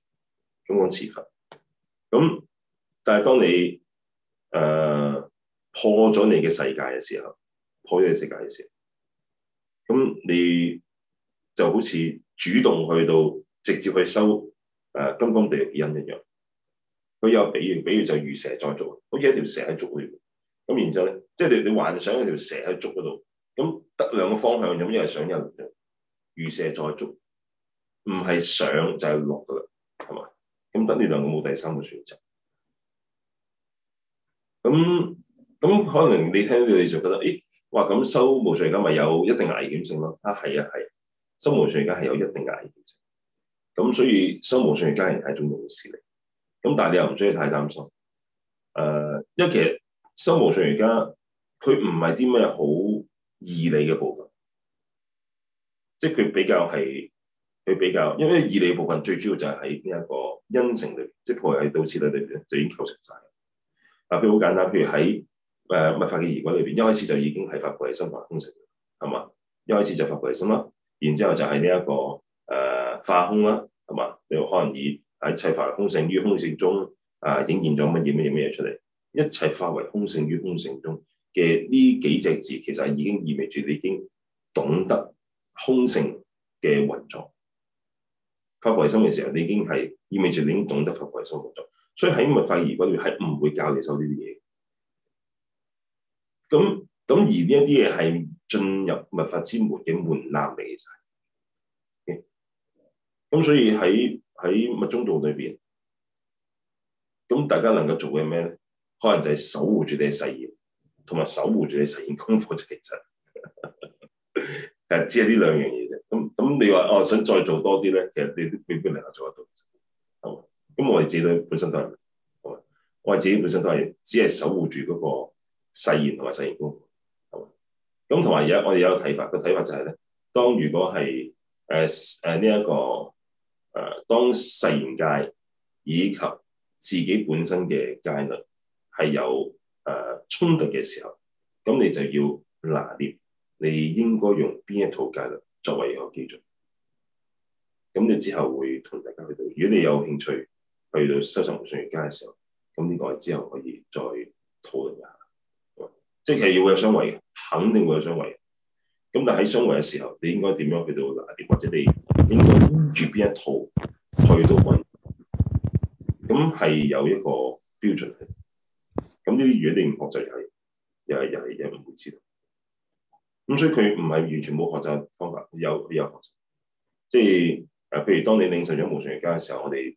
金剛池佛。咁但係當你誒。呃破咗你嘅世界嘅時候，破咗你世界嘅時候，咁你就好似主動去到直接去收誒金剛地獄人一樣。佢有比喻，比喻就如蛇在竹，好似一條蛇喺竹裏。咁然之後咧，即係你你幻想有條蛇喺竹嗰度，咁得兩個方向咁，一係想有係如蛇在竹，唔係上就係落㗎啦，係嘛？咁得呢兩個冇第三個選擇，咁。咁可能你聽到你就覺得，咦？哇！咁修無上瑜伽咪有一定危險性咯？啊，係啊，係、啊，修無上瑜伽係有一定危險性。咁所以修無上瑜伽係一種重要事嚟。咁但係你又唔需要太擔心。誒、呃，因為其實修無上瑜伽佢唔係啲咩好義理嘅部分，即係佢比較係佢比較，因為義理部分最主要就係喺呢一個因乘裏邊，即係破係到此裏邊咧就已經構成晒。啊，譬如好簡單，譬如喺。誒密、呃、法嘅儀軌裏邊，一開始就已經係發菩提心、發空性嘅，係嘛？一開始就發菩提心啦，然之後就係呢一個誒、呃、化空啦，係嘛？你可能以一切、啊、化為空性於空性中啊，演現咗乜嘢乜嘢乜嘢出嚟？一切化為空性於空性中嘅呢幾隻字，其實已經意味住你已經懂得空性嘅運作。發菩提心嘅時候，你已經係意味住你已經懂得發菩提心運作。所以喺密法儀軌裏，係唔會教你修呢啲嘢。咁咁而呢一啲嘢係進入密法之門嘅門檻嚟嘅，就係、是，咁、okay? 所以喺喺密宗道裏邊，咁大家能夠做嘅咩咧？可能就係守護住你嘅誓言，同埋守護住你嘅誓言功課就其、是、實，其 *laughs* 只係呢兩樣嘢啫。咁咁你話我、哦、想再做多啲咧，其實你都未必能夠做得到。咁、就是、我哋自，自己本身都係，我哋自己本身都係只係守護住嗰、那個。誓言同埋誓言功課，咁同埋而家我哋有個睇法，個睇法就係、是、咧，當如果係誒誒呢一個誒、呃，當誓言戒以及自己本身嘅戒律係有誒衝、呃、突嘅時候，咁你就要拿捏你應該用邊一套戒律作為一個基準。咁你之後會同大家去到，如果你有興趣去到修習無上瑜伽嘅時候，咁呢個之後可以再討論下。即係會有相違，肯定會有相違嘅。咁但喺相違嘅時候，你應該點樣去到嗱？或者你應該住邊一套去到運？咁係有一個標準嘅。咁呢啲如果你唔學習，又係又係又係嘢唔會知道。咁所以佢唔係完全冇學習方法，有，有學習。即係誒、啊，譬如當你領受咗無上瑜伽嘅時候，我哋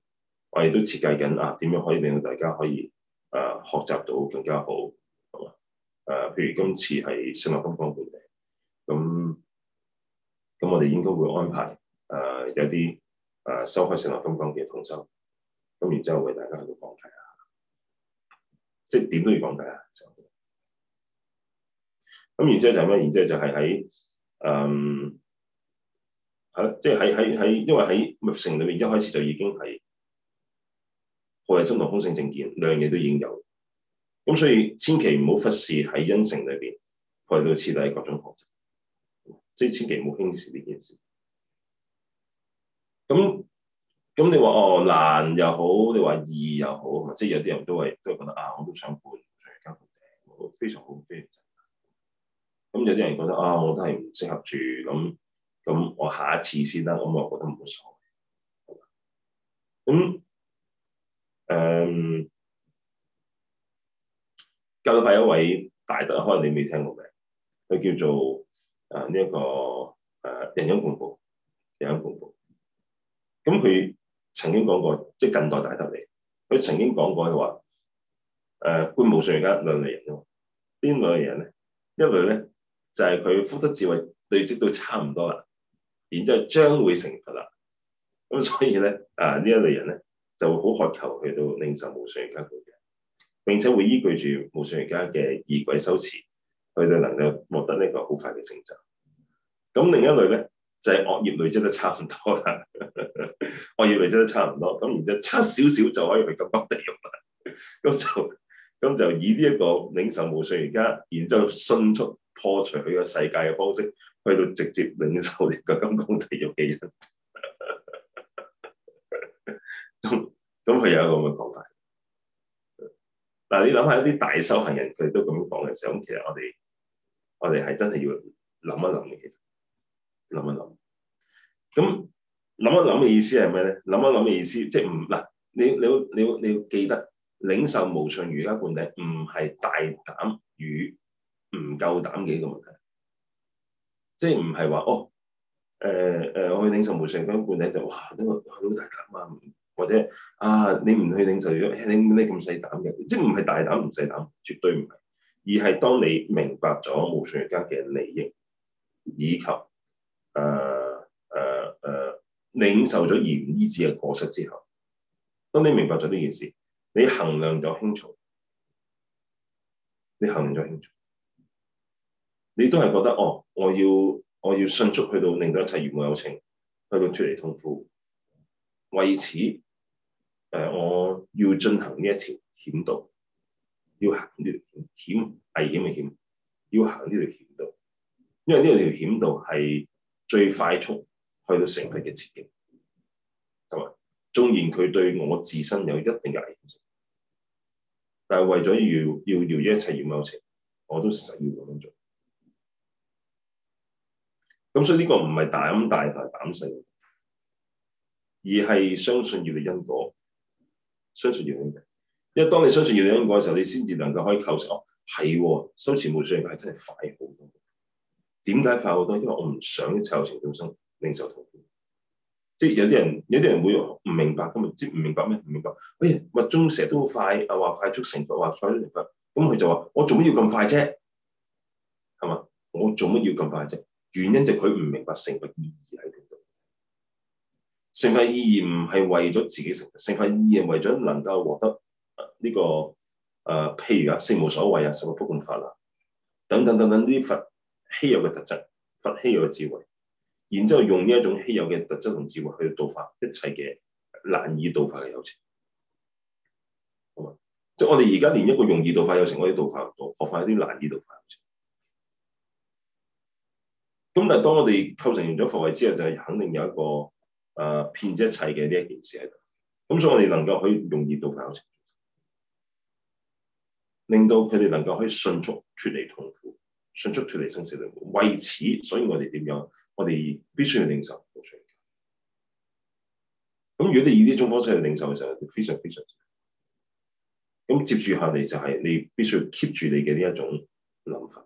我哋都設計緊啊，點樣可以令到大家可以誒、啊、學習到更加好。誒、啊，譬如今次係勝樂金剛本地，咁咁我哋應該會安排誒、啊、有啲誒、啊、收開勝樂金剛嘅同修。咁然之後為大家喺度講解下，即係點都要講解啊！咁然之後就係咩？然之後就係喺誒，係、嗯、啦，即係喺喺喺，因為喺密乘裏面一開始就已經係我係收同空性正見兩樣嘢都已經有。咁所以千祈唔好忽視喺恩城裏邊去到次第各種學習，即、嗯、係千祈唔好輕視呢件事。咁、嗯、咁你話哦難又好，你話易又好，嗯、即係有啲人都係都係覺得啊我都想搬，想交房頂，非常好，非常正。咁、嗯、有啲人覺得啊我都係唔適合住，咁、嗯、咁、嗯、我下一次先啦。咁、嗯、我覺得冇乜所謂。咁、嗯、誒？嗯就係一位大德，可能你未聽過名，佢叫做啊呢一個誒仁勇公佈，仁勇公佈。咁佢、嗯、曾經講過，即係近代大德嚟。佢曾經講過話誒觀、呃、無上而家兩類人咯，邊兩類人咧？一類咧就係、是、佢福德智慧累積到差唔多啦，然之後將會成佛啦。咁、嗯、所以咧啊呢一類人咧就會好渴求去到領受無上而家並且會依據住無上而家嘅儀軌修持，佢哋能夠獲得呢個好快嘅成就。咁另一類咧，就係、是、惡業累積得差唔多啦，惡 *laughs* 業累積得差唔多，咁然之後差少少就可以去金剛地獄啦。咁 *laughs* 就咁就以呢一個領受無上而家，然之後迅速破除佢個世界嘅方式，去到直接領受呢個金剛地獄嘅人。咁咁係有一個咁嘅講法。嗱，你諗下一啲大修行人佢都咁講嘅時候，咁其實我哋我哋係真係要諗一諗嘅，其實諗一諗。咁諗一諗嘅意思係咩咧？諗一諗嘅意思，即係唔嗱，你你你你要，你要記得領受無上瑜伽灌頂，唔係大膽與唔夠膽嘅一個問題。即係唔係話哦，誒、呃、誒、呃，我去領受無上瑜伽灌頂，哇，呢個好大膽啊！或者啊，你唔去領受、哎，你咁細膽嘅，即係唔係大膽唔細膽，絕對唔係，而係當你明白咗無上瑜伽嘅利益，以及誒誒誒領受咗而唔依止嘅過失之後，當你明白咗呢件事，你衡量咗輕重，你衡量咗輕重，你都係覺得哦，我要我要迅速去到令到一切愚昧有情去到脫離痛苦，為此。誒，我要進行呢一條險道，要行呢條險，險危險嘅險，要行呢條險道，因為呢條險道係最快速去到成佛嘅捷徑。咁啊，縱然佢對我自身有一定嘅危險性，但係為咗要要要一切有情，我都要咁樣做。咁所以呢個唔係大膽大同膽細，而係相信業力因果。相信要兩個，因為當你相信要兩個嘅時候，你先至能夠可以構成哦，係、哦，收錢無數人係真係快好多。點解快好多？因為我唔想一切有情眾生領受痛苦。即係有啲人，有啲人會唔明白㗎嘛，即唔明白咩？唔明白。哎，物中成日都好快，啊話快速成佛，話快速成佛，咁佢就話：我做乜要咁快啫？係嘛？我做乜要咁快啫？原因就佢唔明白成佛意義喺度。成佛意義唔係為咗自己成佛，成佛意義係為咗能夠獲得呢、這個誒、呃，譬如啊，四無所畏啊，十八不共法啊，等等等等呢啲佛稀有嘅特質，佛稀有嘅智慧，然之後用呢一種稀有嘅特質同智慧去度化一切嘅難以度化嘅有情，係嘛？即係我哋而家連一個容易度化有情，可以度化唔到，學化啲難以度化有情。咁但係當我哋構成完咗佛位之後，就係肯定有一個。誒騙住一切嘅呢一件事喺度，咁所以我哋能夠可以容易度過疫情，令到佢哋能夠可以迅速脱離痛苦，迅速脱離生死輪迴。為此，所以我哋點樣？我哋必須要領受和傳教。咁如果你以呢一種方式去領受嘅時候，非常非常之。咁接住下嚟就係你必須要 keep 住你嘅呢一種諗法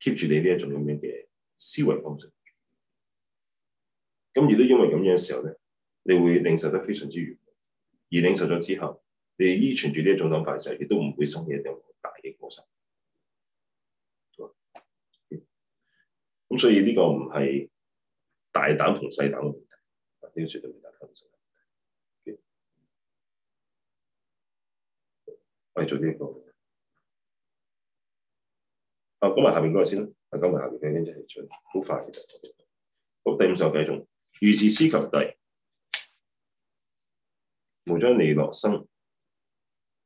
，keep 住你呢一種咁樣嘅思維方式。咁亦都因為咁樣嘅時候咧，你會領受得非常之完美。而領受咗之後，你依存住呢一種諗法嘅時候，亦都唔會生嘢。有樣大嘅過失？咁、嗯嗯、所以呢個唔係大膽同細膽嘅問題。呢個絕對唔係大膽嘅問題。我哋做呢一個啊，講埋下面嗰個先啦。啊，講埋下面邊嗰個先，好、啊、快嘅，好、嗯、第五十首，繼續。如是師及弟，無咎利樂生，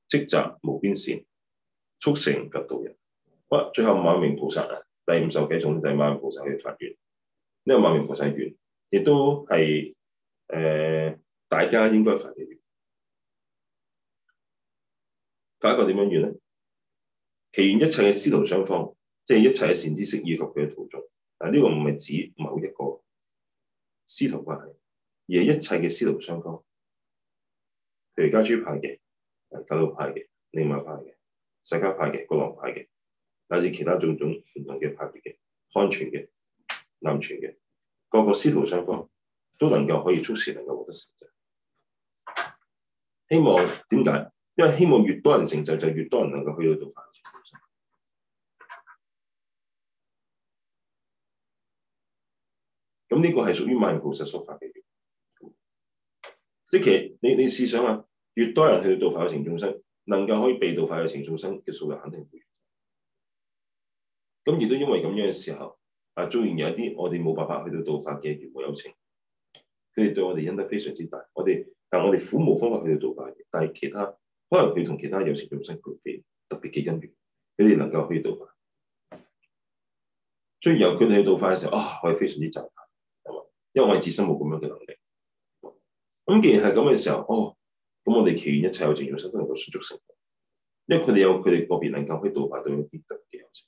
積集無邊善，速成佛度人。好，最後馬鳴菩薩啊，第五十幾種就子、是、馬鳴菩薩去發願，呢、這個馬鳴菩薩願，亦都係誒、呃、大家應該發嘅願。發一個點樣願咧？祈願一切嘅師徒雙方，即係一切嘅善知識以及佢嘅徒眾。啊，呢個唔係指某一個。師徒關係，而係一切嘅師徒雙方，譬如家豬派嘅、教導派嘅、另外派嘅、世家派嘅、國王派嘅，乃至其他種種唔同嘅派別嘅、漢傳嘅、南傳嘅，各個師徒雙方都能夠可以速時能夠獲得成就。希望點解？因為希望越多人成就，就越多人能夠去到度犯錯。咁呢個係屬於萬無實踐法嘅，即係其實你你試想下，啊，越多人去到道法有情眾生，能夠可以被道法嘅有情眾生嘅數量肯定會越少。咁、嗯、而都因為咁樣嘅時候，啊，雖然有一啲我哋冇辦法去到道法嘅緣無有情，佢哋對我哋恩德非常之大。我哋但我哋苦無方法去到道法嘅，但係其他可能佢同其他有情眾生佢幾特別嘅恩典，佢哋能夠去到法。雖然由佢哋去到法嘅時候，啊，我係非常之震撼。因為我哋自身冇咁樣嘅能力，咁、嗯、既然係咁嘅時候，哦，咁我哋祈願一切有情眾生都能夠迅速成就，因為佢哋有佢哋個別能夠去度化到一啲特別嘅有情。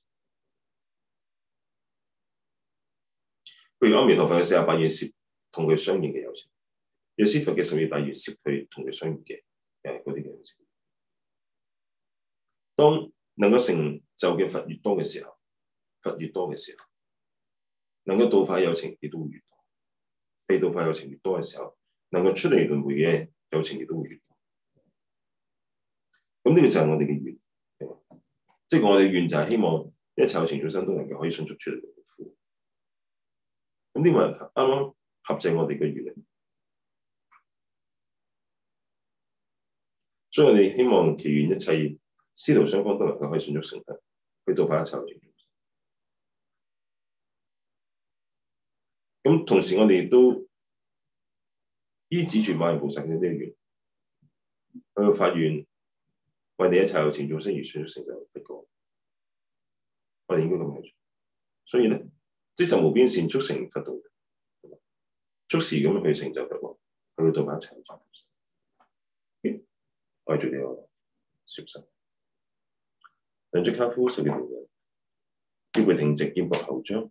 譬如阿彌陀佛嘅四十八願攝同佢相應嘅有情，藥師佛嘅十二大願攝佢同佢相應嘅誒嗰啲有情。當能夠成就嘅佛越多嘅時候，佛越多嘅時候，能夠度化有情亦都越多。越度化，有情越多嘅時候，能夠出嚟輪迴嘅有情亦都會越多。咁呢個就係我哋嘅願，即係我哋願就係希望一切有情眾生都能夠可以迅速出嚟輪迴。咁呢個係啱啱合正我哋嘅願力，所以我哋希望祈願一切師徒雙方都能夠可以迅速成就，去度化一切有情。咁同時，我哋亦都依止住馬鳴菩薩嘅誓願，佢個發願，為你一切有情眾生而成就成就佛果，我哋應該咁去做。所以咧，積集無邊善速成就，速時咁去成就嘅喎，去度萬一切有情。愛著你我消失，兩隻卡夫十點零，腰背挺直，肩膊後張。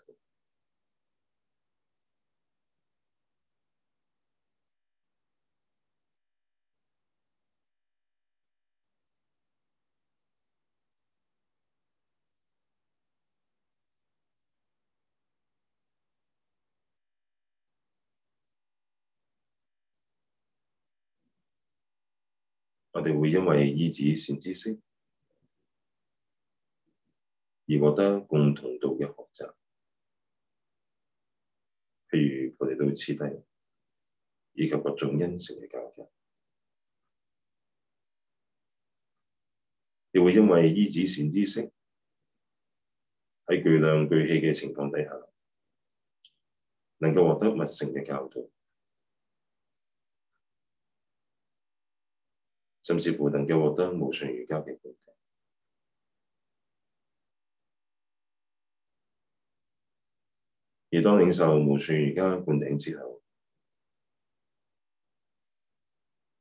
我哋會因為依止善知識而獲得共同道嘅學習，譬如佢哋到此地，以及各種因乘嘅教育。亦會因為依止善知識喺具量具器嘅情況底下，能夠獲得密乘嘅教導。甚至乎能夠獲得無上瑜伽嘅灌頂，而當領受無上瑜伽灌頂之後，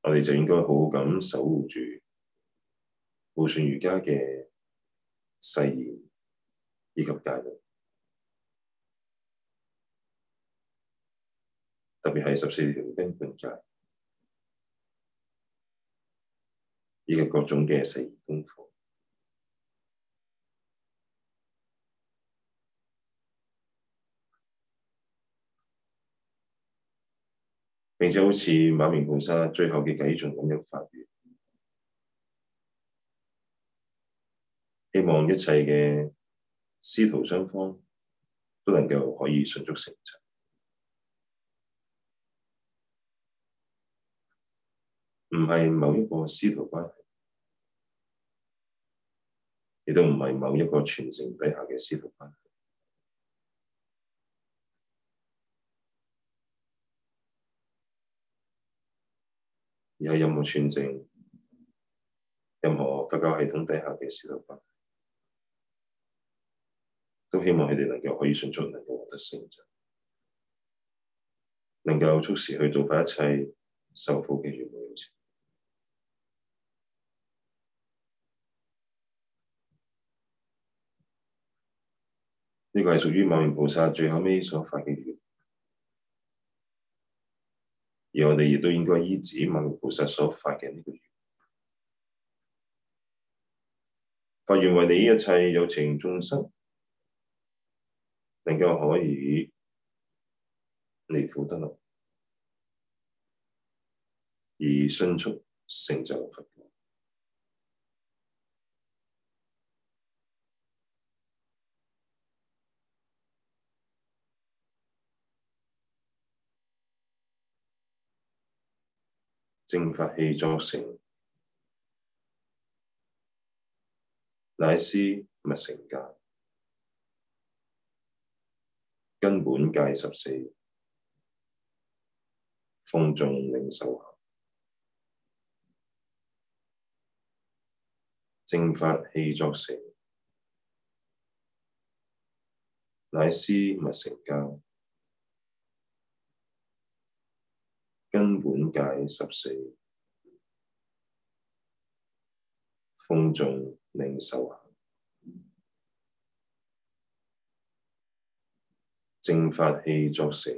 我哋就應該好好咁守護住無上瑜伽嘅誓言以及戒律，特別係十四條根本戒呢個各種嘅誓言功課，並且好似《馬鳴菩薩》最後嘅偈頌咁樣發願，希望一切嘅師徒雙方都能夠可以迅速成就，唔係某一個師徒關係。亦都唔係某一個傳承底下嘅師徒關係，而係任何傳承、任何佛教系統底下嘅師徒關係，都希望佢哋能夠可以迅速能夠獲得成就，能夠速時去做翻一切受苦嘅願望。呢個係屬於馬鳴菩薩最後尾所發嘅願，而我哋亦都應該依止馬鳴菩薩所發嘅呢個願，發願為你一切有情眾生，能夠可以離苦得樂，而迅速成就佛果。正法器作成，乃施密乘教。根本戒十四，諷誦令受行。正法器作成，乃施密乘教。根本戒十四，諷誦令受行，正法器作成，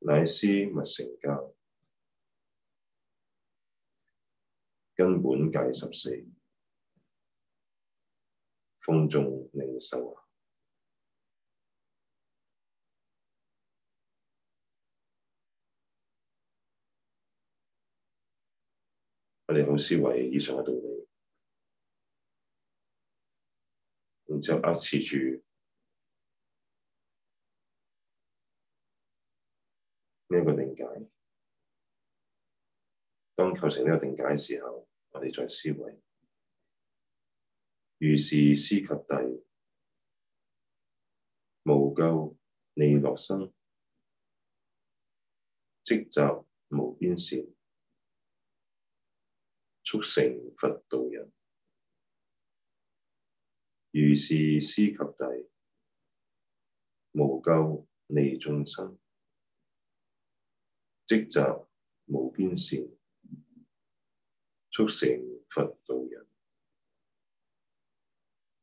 乃施密乘教。根本戒十四，諷誦令受行。我哋好思維以上嘅道理，然之後壓持住呢一個定解。當構成呢個定解嘅時候，我哋再思維。如是師及弟，無咎利樂生，積集無邊善，速成佛度人，如是師及弟，無咎，利樂生，積集無邊善；速成佛度人，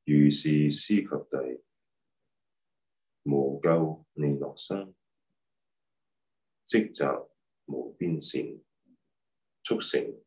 如是師及弟，無咎，利樂生，積集無邊善；速成。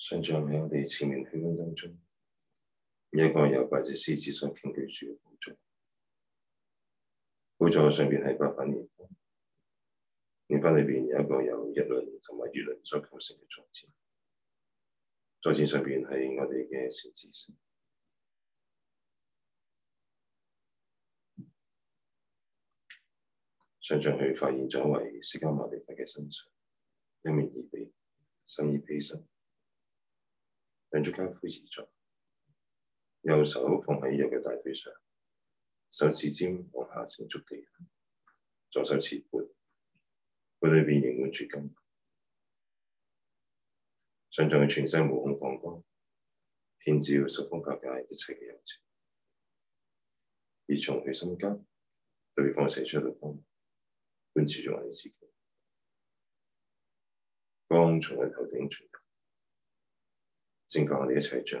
觀想喺我哋前面虛空當中，一個有八隻獅子所傾據住嘅寶座，寶座上邊係白粉蓮，蓮花裏邊有一個有日輪同埋月輪所構成嘅坐墊，坐墊上邊係我哋嘅善知識。觀想佢發現咗為釋迦牟尼佛嘅身上，一面二臂，深衣披身。兩足交趺而坐，右手放喺右嘅大腿上，手指尖往下成觸地，左手持缽，缽裏面凝滿住甘露，想像佢嘅全身毛孔放光，遍照十方法界一切嘅有情，而從佢心間，對方射出一道光，伴隨着我哋自己光從佢頭頂出。正法，我哋一齊做。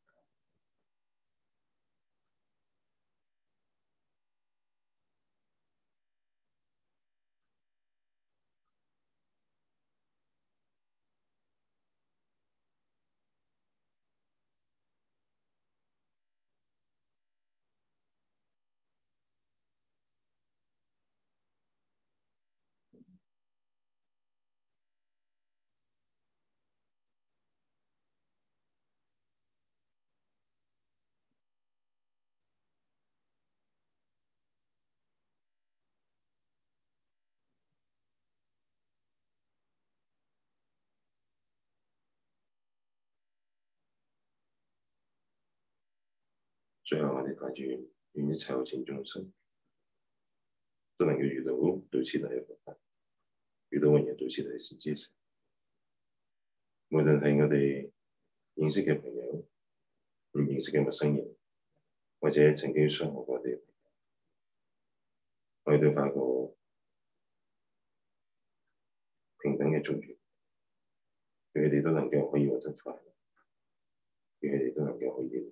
最後我快，我哋帶住願一切有情眾生都能夠遇到、哦、對錢嘅一個，遇到永遠對錢嘅一個善知識，無論係我哋認識嘅朋友，唔認識嘅陌生人，或者曾經傷害過我哋嘅朋友，我哋對待個平等嘅祝願，佢哋都能夠可以獲得快樂，佢哋都能夠可以。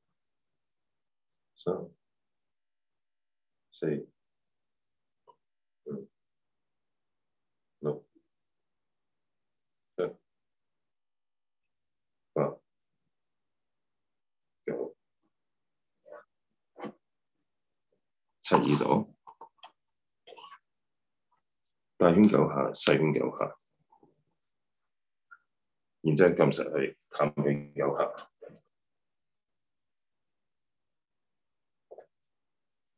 左，C，No，七二度，大圈九下，細圈九下，然之後撳實佢，探圈九下。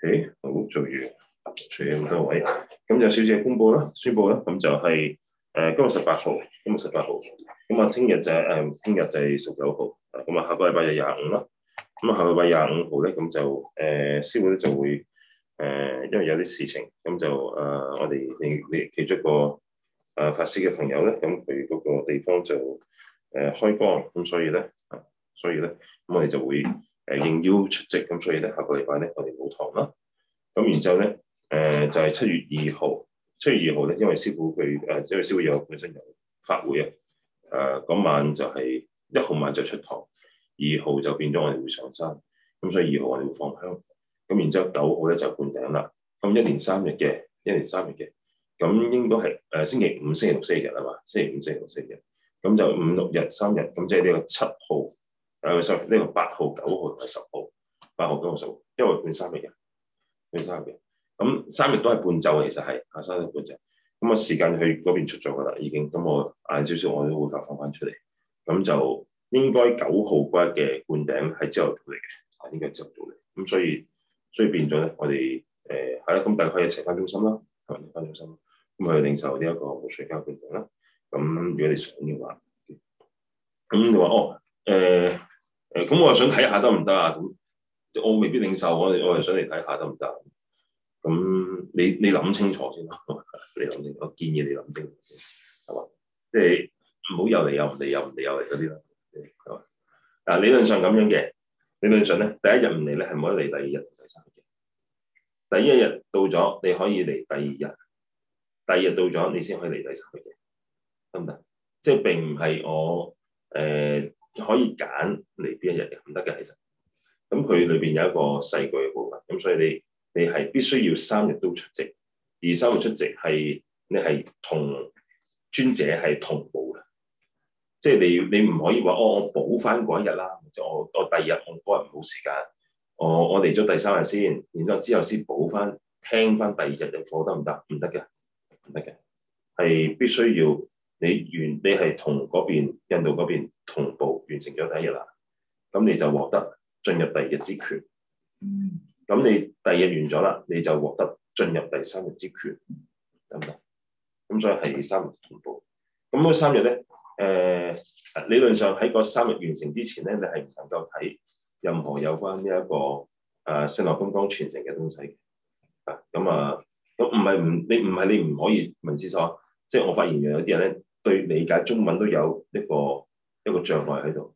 誒，好做完，除有咁多位，咁有少少公佈啦，宣佈啦，咁就係、是、誒、呃、今日十八號，今日十八號，咁啊聽日就係誒聽日就係十九號，咁啊下個禮拜日廿五啦，咁啊下個禮拜廿五號咧，咁就誒師傅咧就會誒、呃，因為有啲事情，咁就誒、呃、我哋你另其中一個誒、呃、法師嘅朋友咧，咁佢嗰個地方就誒、呃、開光，咁所以咧，所以咧，咁我哋就會。誒應邀出席，咁所以咧，下個禮拜咧，我哋冇堂啦。咁然之後咧，誒、呃、就係、是、七月二號，七月二號咧，因為師傅佢誒、呃，因為師傅有本身有法會啊。誒、呃，今晚就係一號晚就出堂，二號就變咗我哋會上山。咁所以二號我哋會放香。咁然之後九號咧就灌頂啦。咁一連三日嘅，一連三日嘅。咁應該係誒星期五、星期六、星期日啊嘛。星期五、星期六、星期日。咁就五六日三日，咁即係呢個七號。誒呢個八號、九號同十號，八號、九號、十號，因為半三日嘅，半三日嘅，咁、嗯、三日都係半晝嘅，其實係啊，三日半晝。咁、嗯、啊，時間去嗰邊出咗噶啦，已經。咁、嗯、我晏少少我都會發放翻出嚟。咁、嗯、就應該九號嗰日嘅灌頂係朝頭早嚟嘅，應該朝頭早嚟。咁、嗯、所以，所以變咗咧，我哋誒係啦。咁、呃嗯、大家可以一齊翻中心啦，係咪翻中心？咁佢、嗯、領受呢一個無水膠灌頂啦。咁、嗯、如果你想要話，咁你話哦，誒、呃。誒咁，我又想睇下得唔得啊？咁我未必領受，我我又想嚟睇下得唔得？咁你你諗清楚先咯。你諗清楚，我建議你諗清楚先，係嘛？即係唔好又嚟又唔嚟又唔嚟又嚟嗰啲啦，係嘛？嗱，理論上咁樣嘅，理論上咧，第一日唔嚟咧係唔可以嚟第二日、第三日。第一日到咗，你可以嚟第二日；第二日到咗，你先可以嚟第三日。得唔得？即係並唔係我誒。可以揀嚟邊一日嚟唔得嘅，其實咁佢裏邊有一個細句嘅部分，咁所以你你係必須要三日都出席，而三日出席係你係同尊者係同步嘅，即係你你唔可以話哦，我補翻嗰一日啦，或者我我第二日我嗰日冇時間，我我嚟咗第三日先，然之後之後先補翻聽翻第二日嘅課得唔得？唔得嘅，唔得嘅，係必須要。你完你係同嗰邊印度嗰邊同步完成咗第一日啦，咁你就獲得進入第二日之權。嗯。咁你第二日完咗啦，你就獲得進入第三日之權。得唔得？咁所以係三日同步。咁嗰三日咧，誒、呃、理論上喺個三日完成之前咧，你係唔能夠睇任何有關呢、這、一個誒勝樂金剛傳承嘅東西嘅。啊，咁啊，咁唔係唔你唔係你唔可以問師所，即係我發現有啲人咧。對理解中文都有一個一個障礙喺度，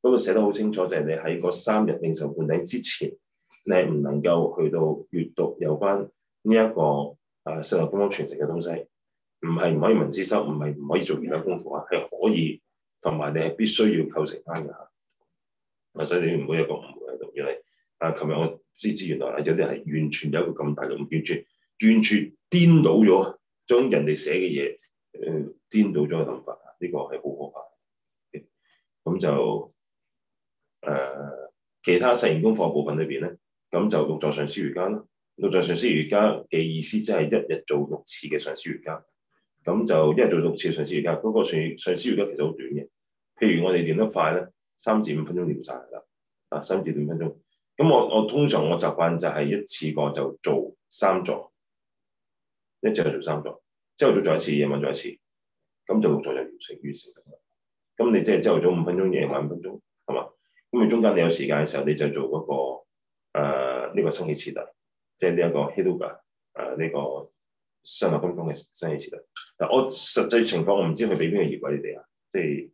不過寫得好清楚，就係你喺嗰三日領受灌頂之前，你係唔能夠去到閲讀有關呢、這、一個啊《四合公屋傳承》嘅東西，唔係唔可以文字修，唔係唔可以做其他功課啊，係可以，同埋你係必須要構成翻嘅、啊。所以你唔好有個誤會喺度，如果你啊，琴日我知知原來有啲係完全有一個咁大嘅，完全完全顛倒咗，將人哋寫嘅嘢。誒、呃，顛倒咗個諗法，呢個係好可怕。咁、嗯、就誒、呃，其他誓言功課部分裏邊咧，咁就六座上師瑜伽啦。六座上師瑜伽嘅意思即係一日做六次嘅上師瑜伽。咁就一日做六次上師瑜伽，嗰、那個上上師瑜伽其實好短嘅。譬如我哋練得快咧，三至五分鐘練晒啦。啊，三至五分鐘。咁我我通常我習慣就係一次過就做三座，一直做三座。朝頭早做一次，夜晚做一次，咁就六座就完成完成啦。咁你即係朝頭早五分鐘，夜晚五分鐘，係嘛？咁你中間你有時間嘅時候，你就做嗰、那個呢、呃這個生起次第，即係呢一個 Heluga 誒呢個軍軍生物金剛嘅生起次第。嗱，我實際情況我唔知佢俾邊個儀軌、啊、你哋啊，即係誒、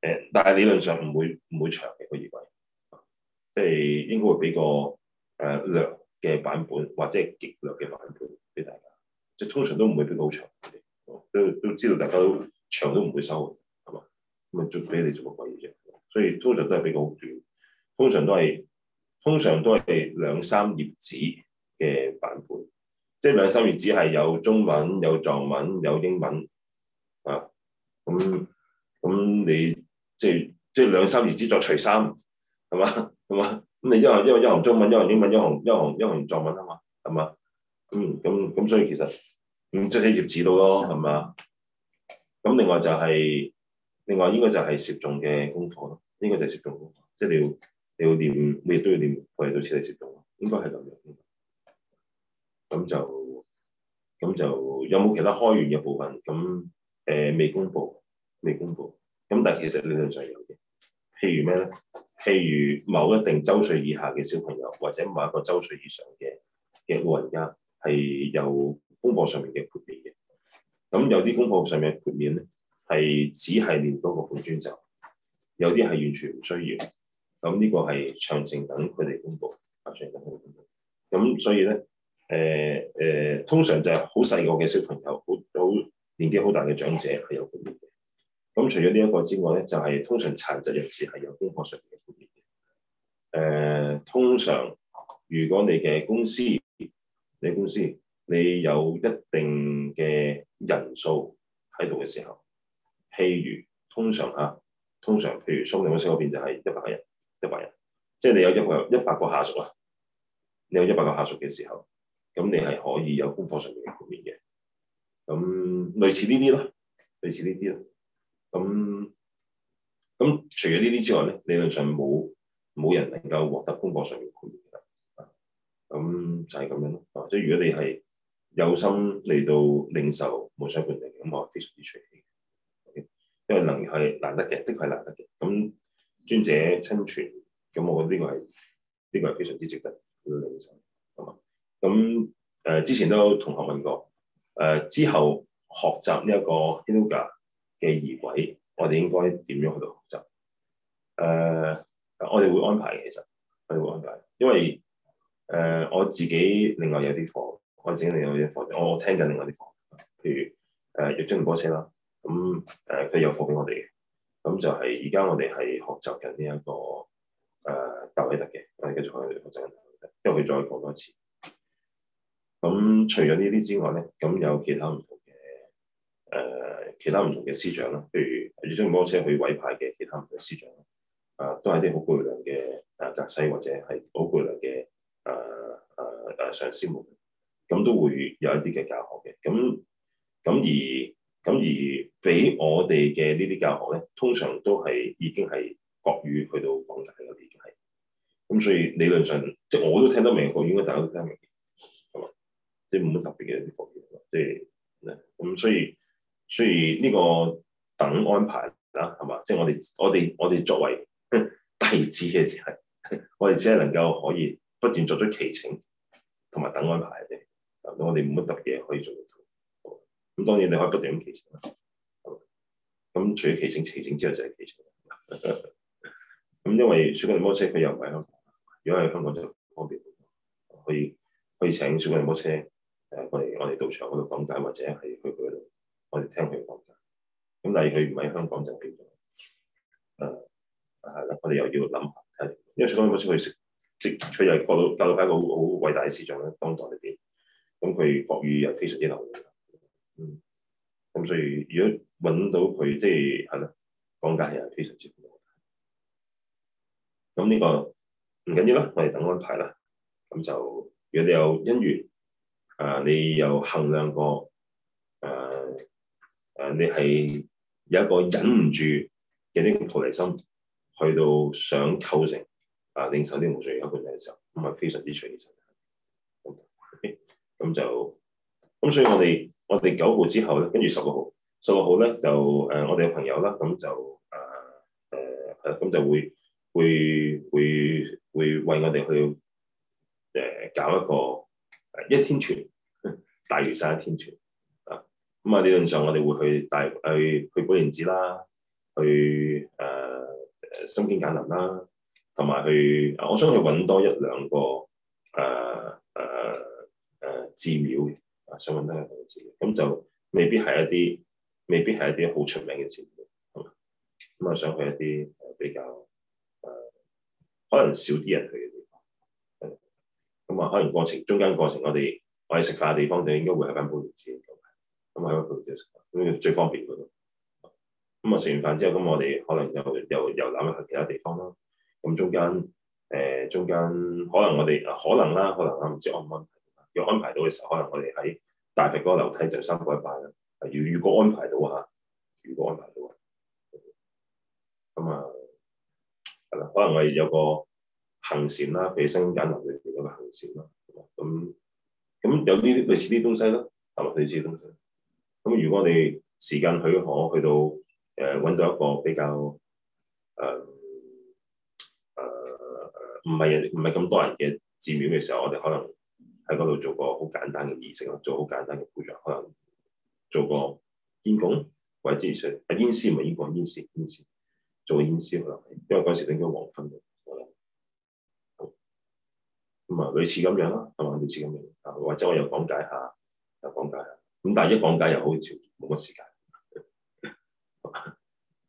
呃，但係理論上唔會唔會長嘅、這個儀軌、啊，即係應該會俾個誒略嘅版本，或者係極略嘅版本俾大家。通常都唔會俾佢好長，都都知道大家都長都唔會收，係嘛？咁咪做俾你做個鬼嘢啫。所以通常都係比較短，通常都係通常都係兩三頁紙嘅版本，即係兩三頁紙係有中文、有藏文、有英文啊。咁咁你即係即係兩三頁紙作除三係嘛？咁啊咁你一行、一行、一行、中文、一行、英文、一行、一行、一行、一行藏文啊嘛？係嘛？嗯，咁咁所以其實即係業指導咯，係咪？咁另外就係、是、另外應該就係涉眾嘅功課咯，應該就係涉眾功課，即係你要你要念，每日都要念，為到此嚟涉眾咯，應該係咁樣。咁就咁就有冇其他開源嘅部分？咁誒、呃、未公布，未公布。咁但係其實理論上有嘅，譬如咩咧？譬如某一定週歲以下嘅小朋友，或者某一個週歲以上嘅嘅老人家。係有功課上面嘅豁免嘅，咁有啲功課上面嘅豁免咧，係只係練到個本尊就，有啲係完全唔需要，咁呢個係詳情等佢哋公布，詳情等佢哋公布，咁所以咧，誒、呃、誒、呃，通常就係好細個嘅小朋友，好好年紀好大嘅長者係有豁免嘅，咁除咗呢一個之外咧，就係、是、通常殘疾人士係有功課上面嘅豁免嘅，誒、呃，通常如果你嘅公司。你公司你有一定嘅人數喺度嘅時候，譬如通常嚇，通常，通常譬如松量公司嗰邊就係一百人，一百人，即係你有一個一百個下屬啦，你有一百個下屬嘅時候，咁你係可以有功課上面嘅豁免嘅，咁類似呢啲咯，類似呢啲咯，咁咁除咗呢啲之外咧，理論上冇冇人能夠獲得功課上面嘅豁免嘅。咁、嗯、就係、是、咁樣咯，或、啊、者如果你係有心嚟到領受無上菩提，咁我非常之隨喜，因為能係難得嘅，的確係難得嘅。咁、嗯、尊者親傳，咁、嗯、我覺得呢個係呢、這個係非常之值得領受，係、嗯、嘛？咁、嗯、誒、呃、之前都有同學問過，誒、呃、之後學習呢一個 Hilda 嘅儀軌，我哋應該點樣去到學習？誒、呃，我哋會安排嘅，其實我哋會安排，因為。誒、uh，我自己另外有啲課，我自己另外有啲課，我我聽緊另外啲課，譬如誒，熱中仁波切啦，咁誒，佢、呃、有課俾我哋嘅，咁就係而家我哋係學習緊呢一個誒，達威特嘅，我哋繼續去學習緊達威特，因為佢再講多一次。咁除咗呢啲之外咧，咁有其他唔同嘅誒、呃，其他唔同嘅師長啦，譬如熱中仁波切去委派嘅其他唔同嘅師長，啊、呃，都係啲好具量嘅誒，格西或者係好具量嘅。誒誒誒，上師們咁都會有一啲嘅教學嘅，咁咁而咁而俾我哋嘅呢啲教學咧，通常都係已經係國語去到講解嗰啲，係咁，所以理論上即係、就是、我都聽得明，我應該大家都聽得明，係嘛？即係冇乜特別嘅一啲方言，即係咧，咁所以所以呢個等安排啦，係嘛？即、就、係、是、我哋我哋我哋作為弟子嘅，時候，我哋只係能夠可以。不斷作咗祈請，同埋等安排啫。我哋冇乜特別嘢可以做到。咁當然你可以不斷咁祈請啦。咁除咗祈請、祈請之後就係祈請。咁 *laughs* 因為雪哥摩車佢又唔喺香港，如果喺香港就方便啲，可以可以請雪哥摩車誒過嚟我哋道場嗰度講解，或者係去佢嗰度我哋聽佢講解。咁但係佢唔喺香港就變咗誒，係啦、嗯，我哋又要諗，因為雪哥摩車佢出嚟過到，做到一個好好偉大嘅市場咧，當代裏邊。咁佢國語又非常之流行，嗯。咁所以如果揾到佢，即係係咪講價又係非常之好。咁呢、呢個唔緊要啦，我哋等安排啦。咁就如果你有姻緣，啊，你有衡量過，誒、啊、誒，你係有一個忍唔住嘅呢個菩提心，去到想構成。啊！零售啲冇上有一部分，咁咪非常之長意。嘅、嗯。咁，就咁，所以我哋我哋九號之後咧，跟住十六號，十六號咧就誒、呃，我哋嘅朋友啦，咁就誒誒，咁、呃呃嗯、就會會會會為我哋去誒、呃、搞一個一天團大嶼山一天團啊！咁啊，理論上我哋會去大去去寶蓮寺啦，去誒心經簡林啦。同埋去啊，我想去揾多一兩個誒誒誒寺廟嘅啊，想揾多一個寺廟，咁就未必係一啲未必係一啲好出名嘅寺廟，係嘛，咁啊，想去一啲比較誒可能少啲人去嘅地方，誒咁啊，可能過程中間過程，我哋我哋食飯嘅地方就應該會喺翻普羅士，咁啊，咁啊，普羅士食飯，咁最方便嘅咯，咁啊，食完飯之後，咁我哋可能又又又諗去其他地方咯。咁中間誒、呃，中間可能我哋可能啦，可能啊唔知安唔安排。若安排到嘅時候，可能我哋喺大佛嗰個樓梯就三個一拜啦。如如果安排到嚇，如果安排到，咁啊係啦，可能我哋有個行善啦，俾啲新揀樓嘅嗰個行善咯。咁、嗯、咁有啲類似啲東西咯，係咪類似啲東西？咁、嗯、如果我哋時間許可，去到誒揾、呃、到一個比較誒。呃唔係人，唔係咁多人嘅寺廟嘅時候，我哋可能喺嗰度做個好簡單嘅儀式咯，做好簡單嘅配置，可能做個煙供或者之類，啊煙施唔係煙供，煙施煙施，做個煙施可能，因為嗰陣時應該黃昏嘅，咁啊類似咁樣啦，係嘛？類似咁樣，或者我又講解下，又講解下，咁但係一講解又好似冇乜時間。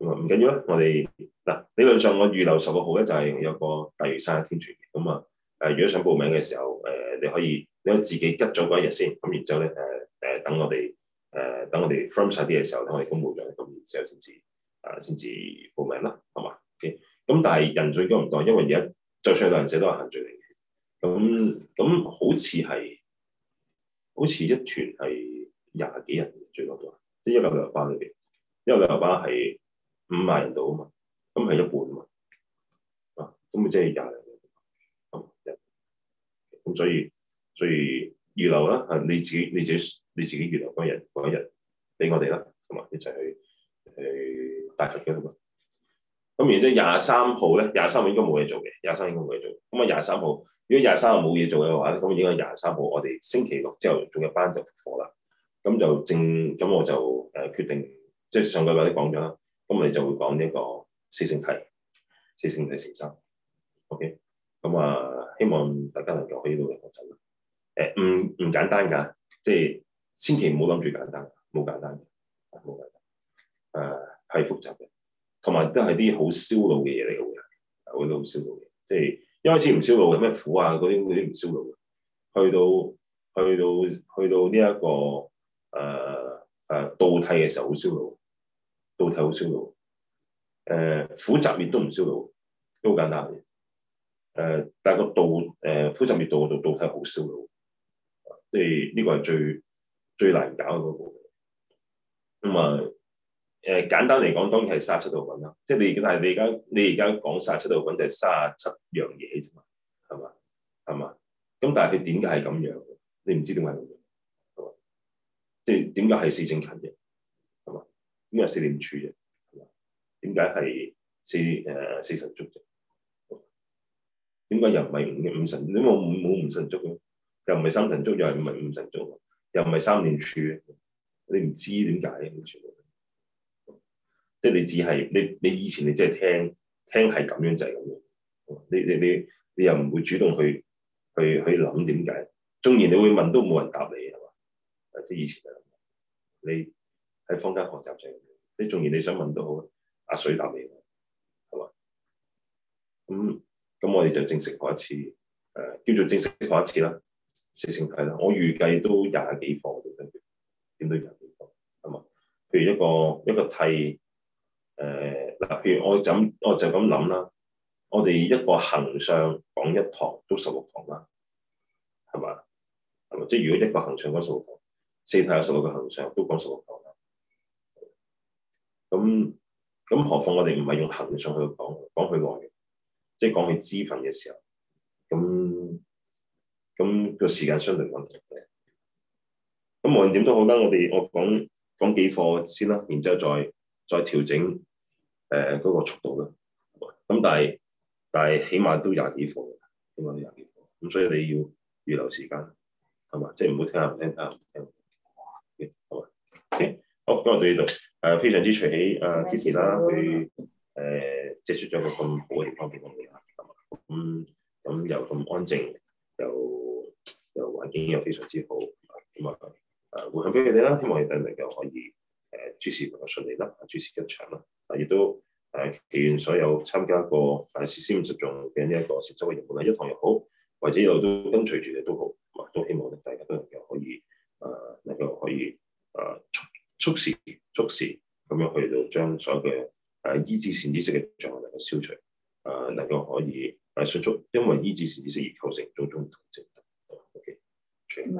唔、嗯、緊要啦，我哋嗱理論上我預留十個號咧，就係、是、有個大嶼山嘅天團嘅咁啊。誒、呃，如果想報名嘅時候，誒、呃、你可以，你可以自己吉咗嗰一日先，咁然之後咧，誒、呃、誒等我哋誒、呃、等我哋 form 曬啲嘢嘅時候，我哋公佈咗咁然之後先至啊，先至報名啦，好嘛咁、okay？嗯、但係人最多唔多，因為而家就算人者都係限聚嘅，咁咁好似係好似一團係廿幾人最多都係，即、就、係、是、一個旅遊巴裏邊，一個旅遊巴係。五萬人度啊嘛，咁係一半啊嘛，啊咁咪即係廿零人咁，咁所以所以預留啦。你自己你自己你自己預留嗰一日俾我哋啦，同埋一齊去去大吉啦嘛。咁然之後廿三號咧，廿三號應該冇嘢做嘅，廿三應該冇嘢做。咁啊廿三號，如果廿三號冇嘢做嘅話，咁應該廿三號我哋星期六之後仲有一班就復課啦。咁就正咁我就誒決定，即係上個月都講咗啦。咁我哋就會講呢一個四聖諦，四聖諦成三，OK。咁啊，希望大家能夠喺呢度學習。誒、呃，唔唔簡單㗎，即係千祈唔好諗住簡單，冇簡單嘅，冇簡單。誒，係複雜嘅，同埋都係啲好燒腦嘅嘢嚟嘅，會係好到燒腦嘅。即係一開始唔燒腦嘅咩苦啊，嗰啲啲唔燒腦嘅，去到去到去到呢一個誒誒道諦嘅時候好燒腦。道諦好燒腦，誒、呃，苦集滅都唔燒腦，都好簡單嘅，誒、呃，但係個道，誒、呃，苦集滅道道道諦好燒腦，即係呢個係最最難搞嘅嗰、那個，咁啊，誒、呃，簡單嚟講，當然係卅七道品啦，即、就、係、是、你，但係你而家你而家講卅七道品就係卅七樣嘢啫嘛，係嘛，係嘛，咁但係佢點解係咁樣？你唔知點解咁樣，係嘛，即係點解係四正勤嘅？邊係四念處啫？點解係四誒四神足啫？點解又唔係五五神足？點解冇冇五神足嘅？又唔係三神足，又係唔係五神足。又唔係三念處？你唔知點解、嗯？你即係你只係你你以前你即係聽聽係咁樣就係咁樣、嗯。你你你你又唔會主動去去去諗點解？縱然你會問，都冇人答你係嘛？即係以前就你。坊間學習者，係你，縱然你想問都好，阿水答你。㗎，係嘛？咁咁，我哋就正式過一次誒、呃，叫做正式過一次啦，四成題啦。我預計都廿幾課，點都廿幾課，係嘛？譬如一個一個替誒嗱，譬如我就咁我就咁諗啦。我哋一個行上講一堂都十六堂啦，係嘛係嘛？即係如果一個行上講十六堂，四題有十六個行上都講十六堂。咁咁，何況我哋唔係用行上去講講佢愛嘅，即係講佢資份嘅時候，咁咁、嗰個時間相對咁長嘅。咁無論點都好啦，我哋我講講幾課先啦，然之後再再調整誒嗰、呃嗰個速度啦。咁但係但係，起碼都廿幾課，起碼都廿幾課。咁所以你要預留時間係嘛？即係唔好聽下唔聽下唔聽。好啊，好，咁我哋呢度誒非常之隨喜 Kiss 啦，uh, Nice 去即係出咗個咁好嘅地方俾我哋啦。咁 g 咁 ib gins 又咁安靜，又又環境又非常之好。咁啊，誒回向俾佢哋啦，希望你哋能夠可以誒主持得順利啦，主持一長啦。啊，亦都誒祈願所有參加過啊《事師五十頌》嘅呢一個接收嘅人，無論一堂又好，或者又都跟隨住你都好，咁啊都希望大家都能夠可以誒能夠可以誒。逐時逐時咁樣去到將所有嘅誒依止善知識嘅狀況能夠消除，誒、呃、能夠可以誒迅速，因為依止善知識而構成種種阻滯。O K，唔